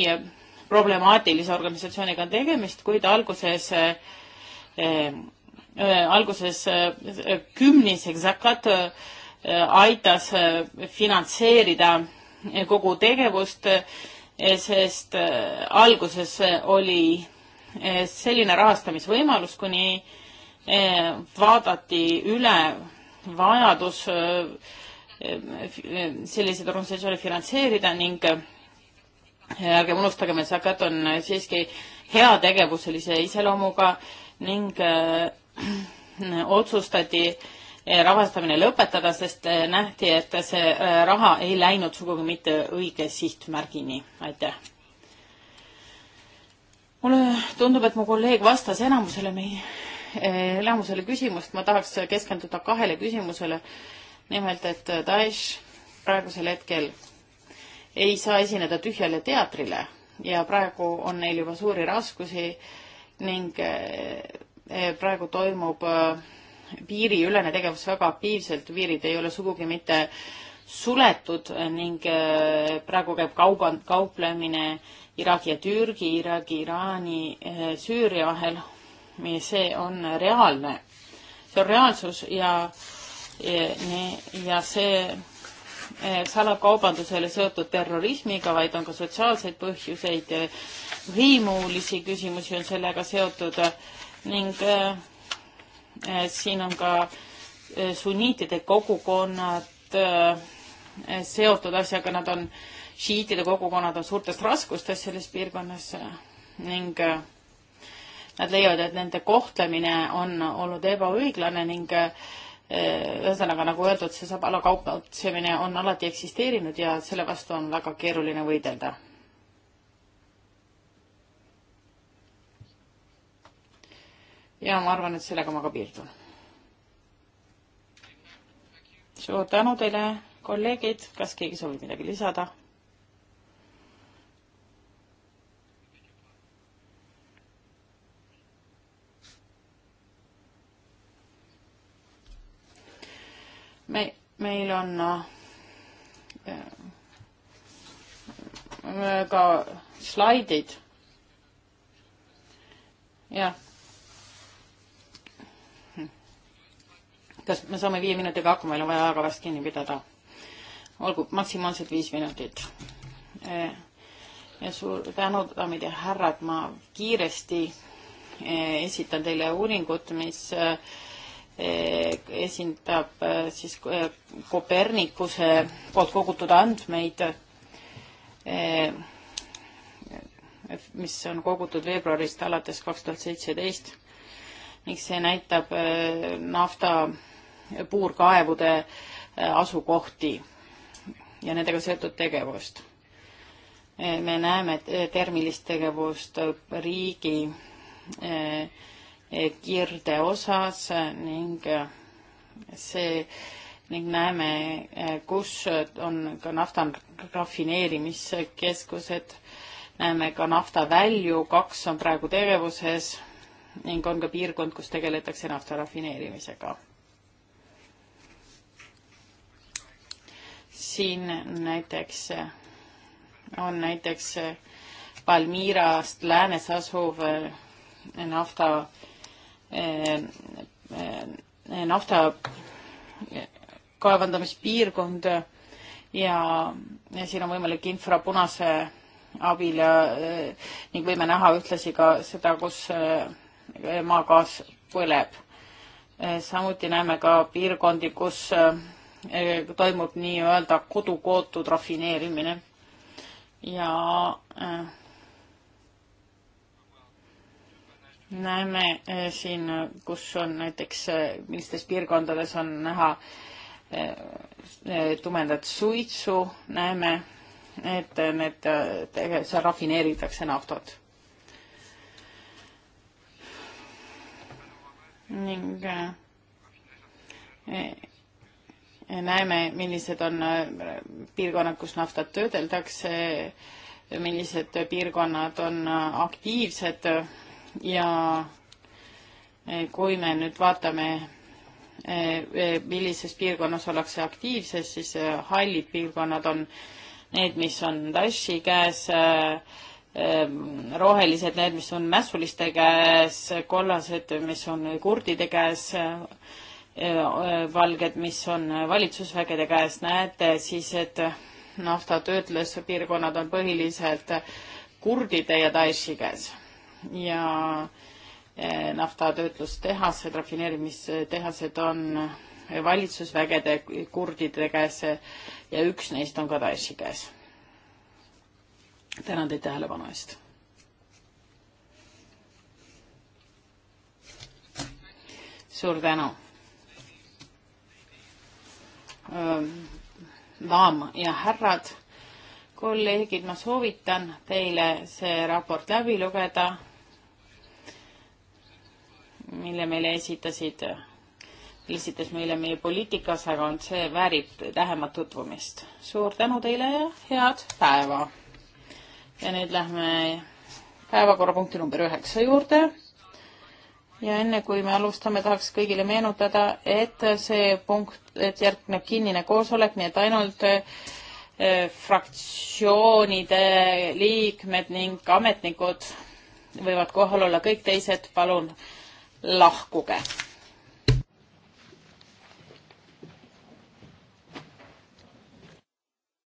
problemaatilise organisatsiooniga on tegemist, kuid alguses alguses kümnis Zakat aitas finantseerida kogu tegevust, sest alguses oli Eh, selline rahastamisvõimalus, kuni eh, vaadati üle vajadus eh, selliseid organisatsioone finantseerida ning ärgem unustagem, et SACAT on siiski heategevuselise iseloomuga ning <clears throat> otsustati rahastamine lõpetada, sest nähti, et see raha ei läinud sugugi mitte õige sihtmärgini. aitäh! mulle tundub, et mu kolleeg vastas enamusele meie, eh, enamusele küsimust, ma tahaks keskenduda kahele küsimusele. nimelt, et Daesh praegusel hetkel ei saa esineda tühjale teatrile ja praegu on neil juba suuri raskusi ning eh, eh, praegu toimub piiriülene tegevus väga aktiivselt, piirid ei ole sugugi mitte suletud ning praegu käib kauba, kauplemine äh, Iraagi ja Türgi, Iraagi, Iraani, eh, Süüria vahel. see on reaalne, see on reaalsus ja, ja see eh, salakaubandusele seotud terrorismiga, vaid on ka sotsiaalseid põhjuseid, hõimulisi küsimusi on sellega seotud ning äh, siin on ka sunniitide kogukonnad äh, seotud asjaga, nad on äh, šiitide kogukonnad on suurtes raskustes selles piirkonnas ning äh, nad leiavad, et nende kohtlemine on olnud ebaõiglane ning äh, ühesõnaga, nagu öeldud, see salakaubitsemine on alati eksisteerinud ja selle vastu on väga keeruline võidelda. ja ma arvan, et sellega ma ka piirdun. suur tänu teile, kolleegid, kas keegi soovib midagi lisada? me, meil on äh, ka slaidid. jah. kas me saame viie minutiga hakkama, meil on vaja aega vast kinni pidada. olgu, maksimaalselt viis minutit. Äh, ja suur tänu, daamid ja härrad, ma kiiresti äh, esitan teile uuringut, mis äh, Eh, esindab eh, siis eh, Kopernikuse poolt kogutud andmeid, mis on kogutud veebruarist alates kaks tuhat seitseteist ning see näitab nafta puurkaevude asukohti ja nendega seotud tegevust. me näeme termilist tegevust riigi eh, Eh, kirde osas eh, ning eh, see ning näeme, kus on ka nafta rafineerimiskeskused, näeme ka naftavälju, kaks on praegu tegevuses ning on ka piirkond, kus tegeletakse nafta rafineerimisega. siin näiteks on näiteks Palmirast läänes asuv nafta Ehm, ehm, nafta kaevandamispiirkond ja, ja siin on võimalik infrapunase abil ja eh, ning võime näha ühtlasi ka seda, kus eh, maagaas põleb. Eh, samuti näeme ka piirkondi, kus toimub nii-öelda kodukootud rafineerimine ja äh, näeme eh, siin, kus on näiteks, eh, millistes piirkondades on näha eh, tumedat suitsu, näeme, et need, seal rafineeritakse naftat. ning näeme, millised on piirkonnad, kus naftat töödeldakse, millised piirkonnad on aktiivsed ja e, kui me nüüd vaatame, e, e, millises piirkonnas ollakse aktiivses, siis hallid piirkonnad on need, mis on Daeshi käes, rohelised need, mis on mässuliste käes, kollased, mis on kurdide käes, valged, mis on valitsusvägede käes, näete siis, et naftatöötluspiirkonnad on põhiliselt kurdide ja Daeshi käes ja eh, naftatöötlustehased, rafineerimistehased on valitsusvägede kurdide käes ja üks neist on ka Daeshi käes. tänan teid tähelepanu eest. suur tänu. daam ja härrad, kolleegid, ma soovitan teile see raport läbi lugeda mille meile esitasid, esitas meile meie poliitikaosakond, see väärib lähemat tutvumist. suur tänu teile ja head päeva! ja nüüd lähme päevakorrapunkti number üheksa juurde. ja enne kui me alustame, tahaks kõigile meenutada, et see punkt, et järgneb kinnine koosolek, nii et ainult eh, fraktsioonide liikmed ning ametnikud võivad kohal olla, kõik teised palun lahkuge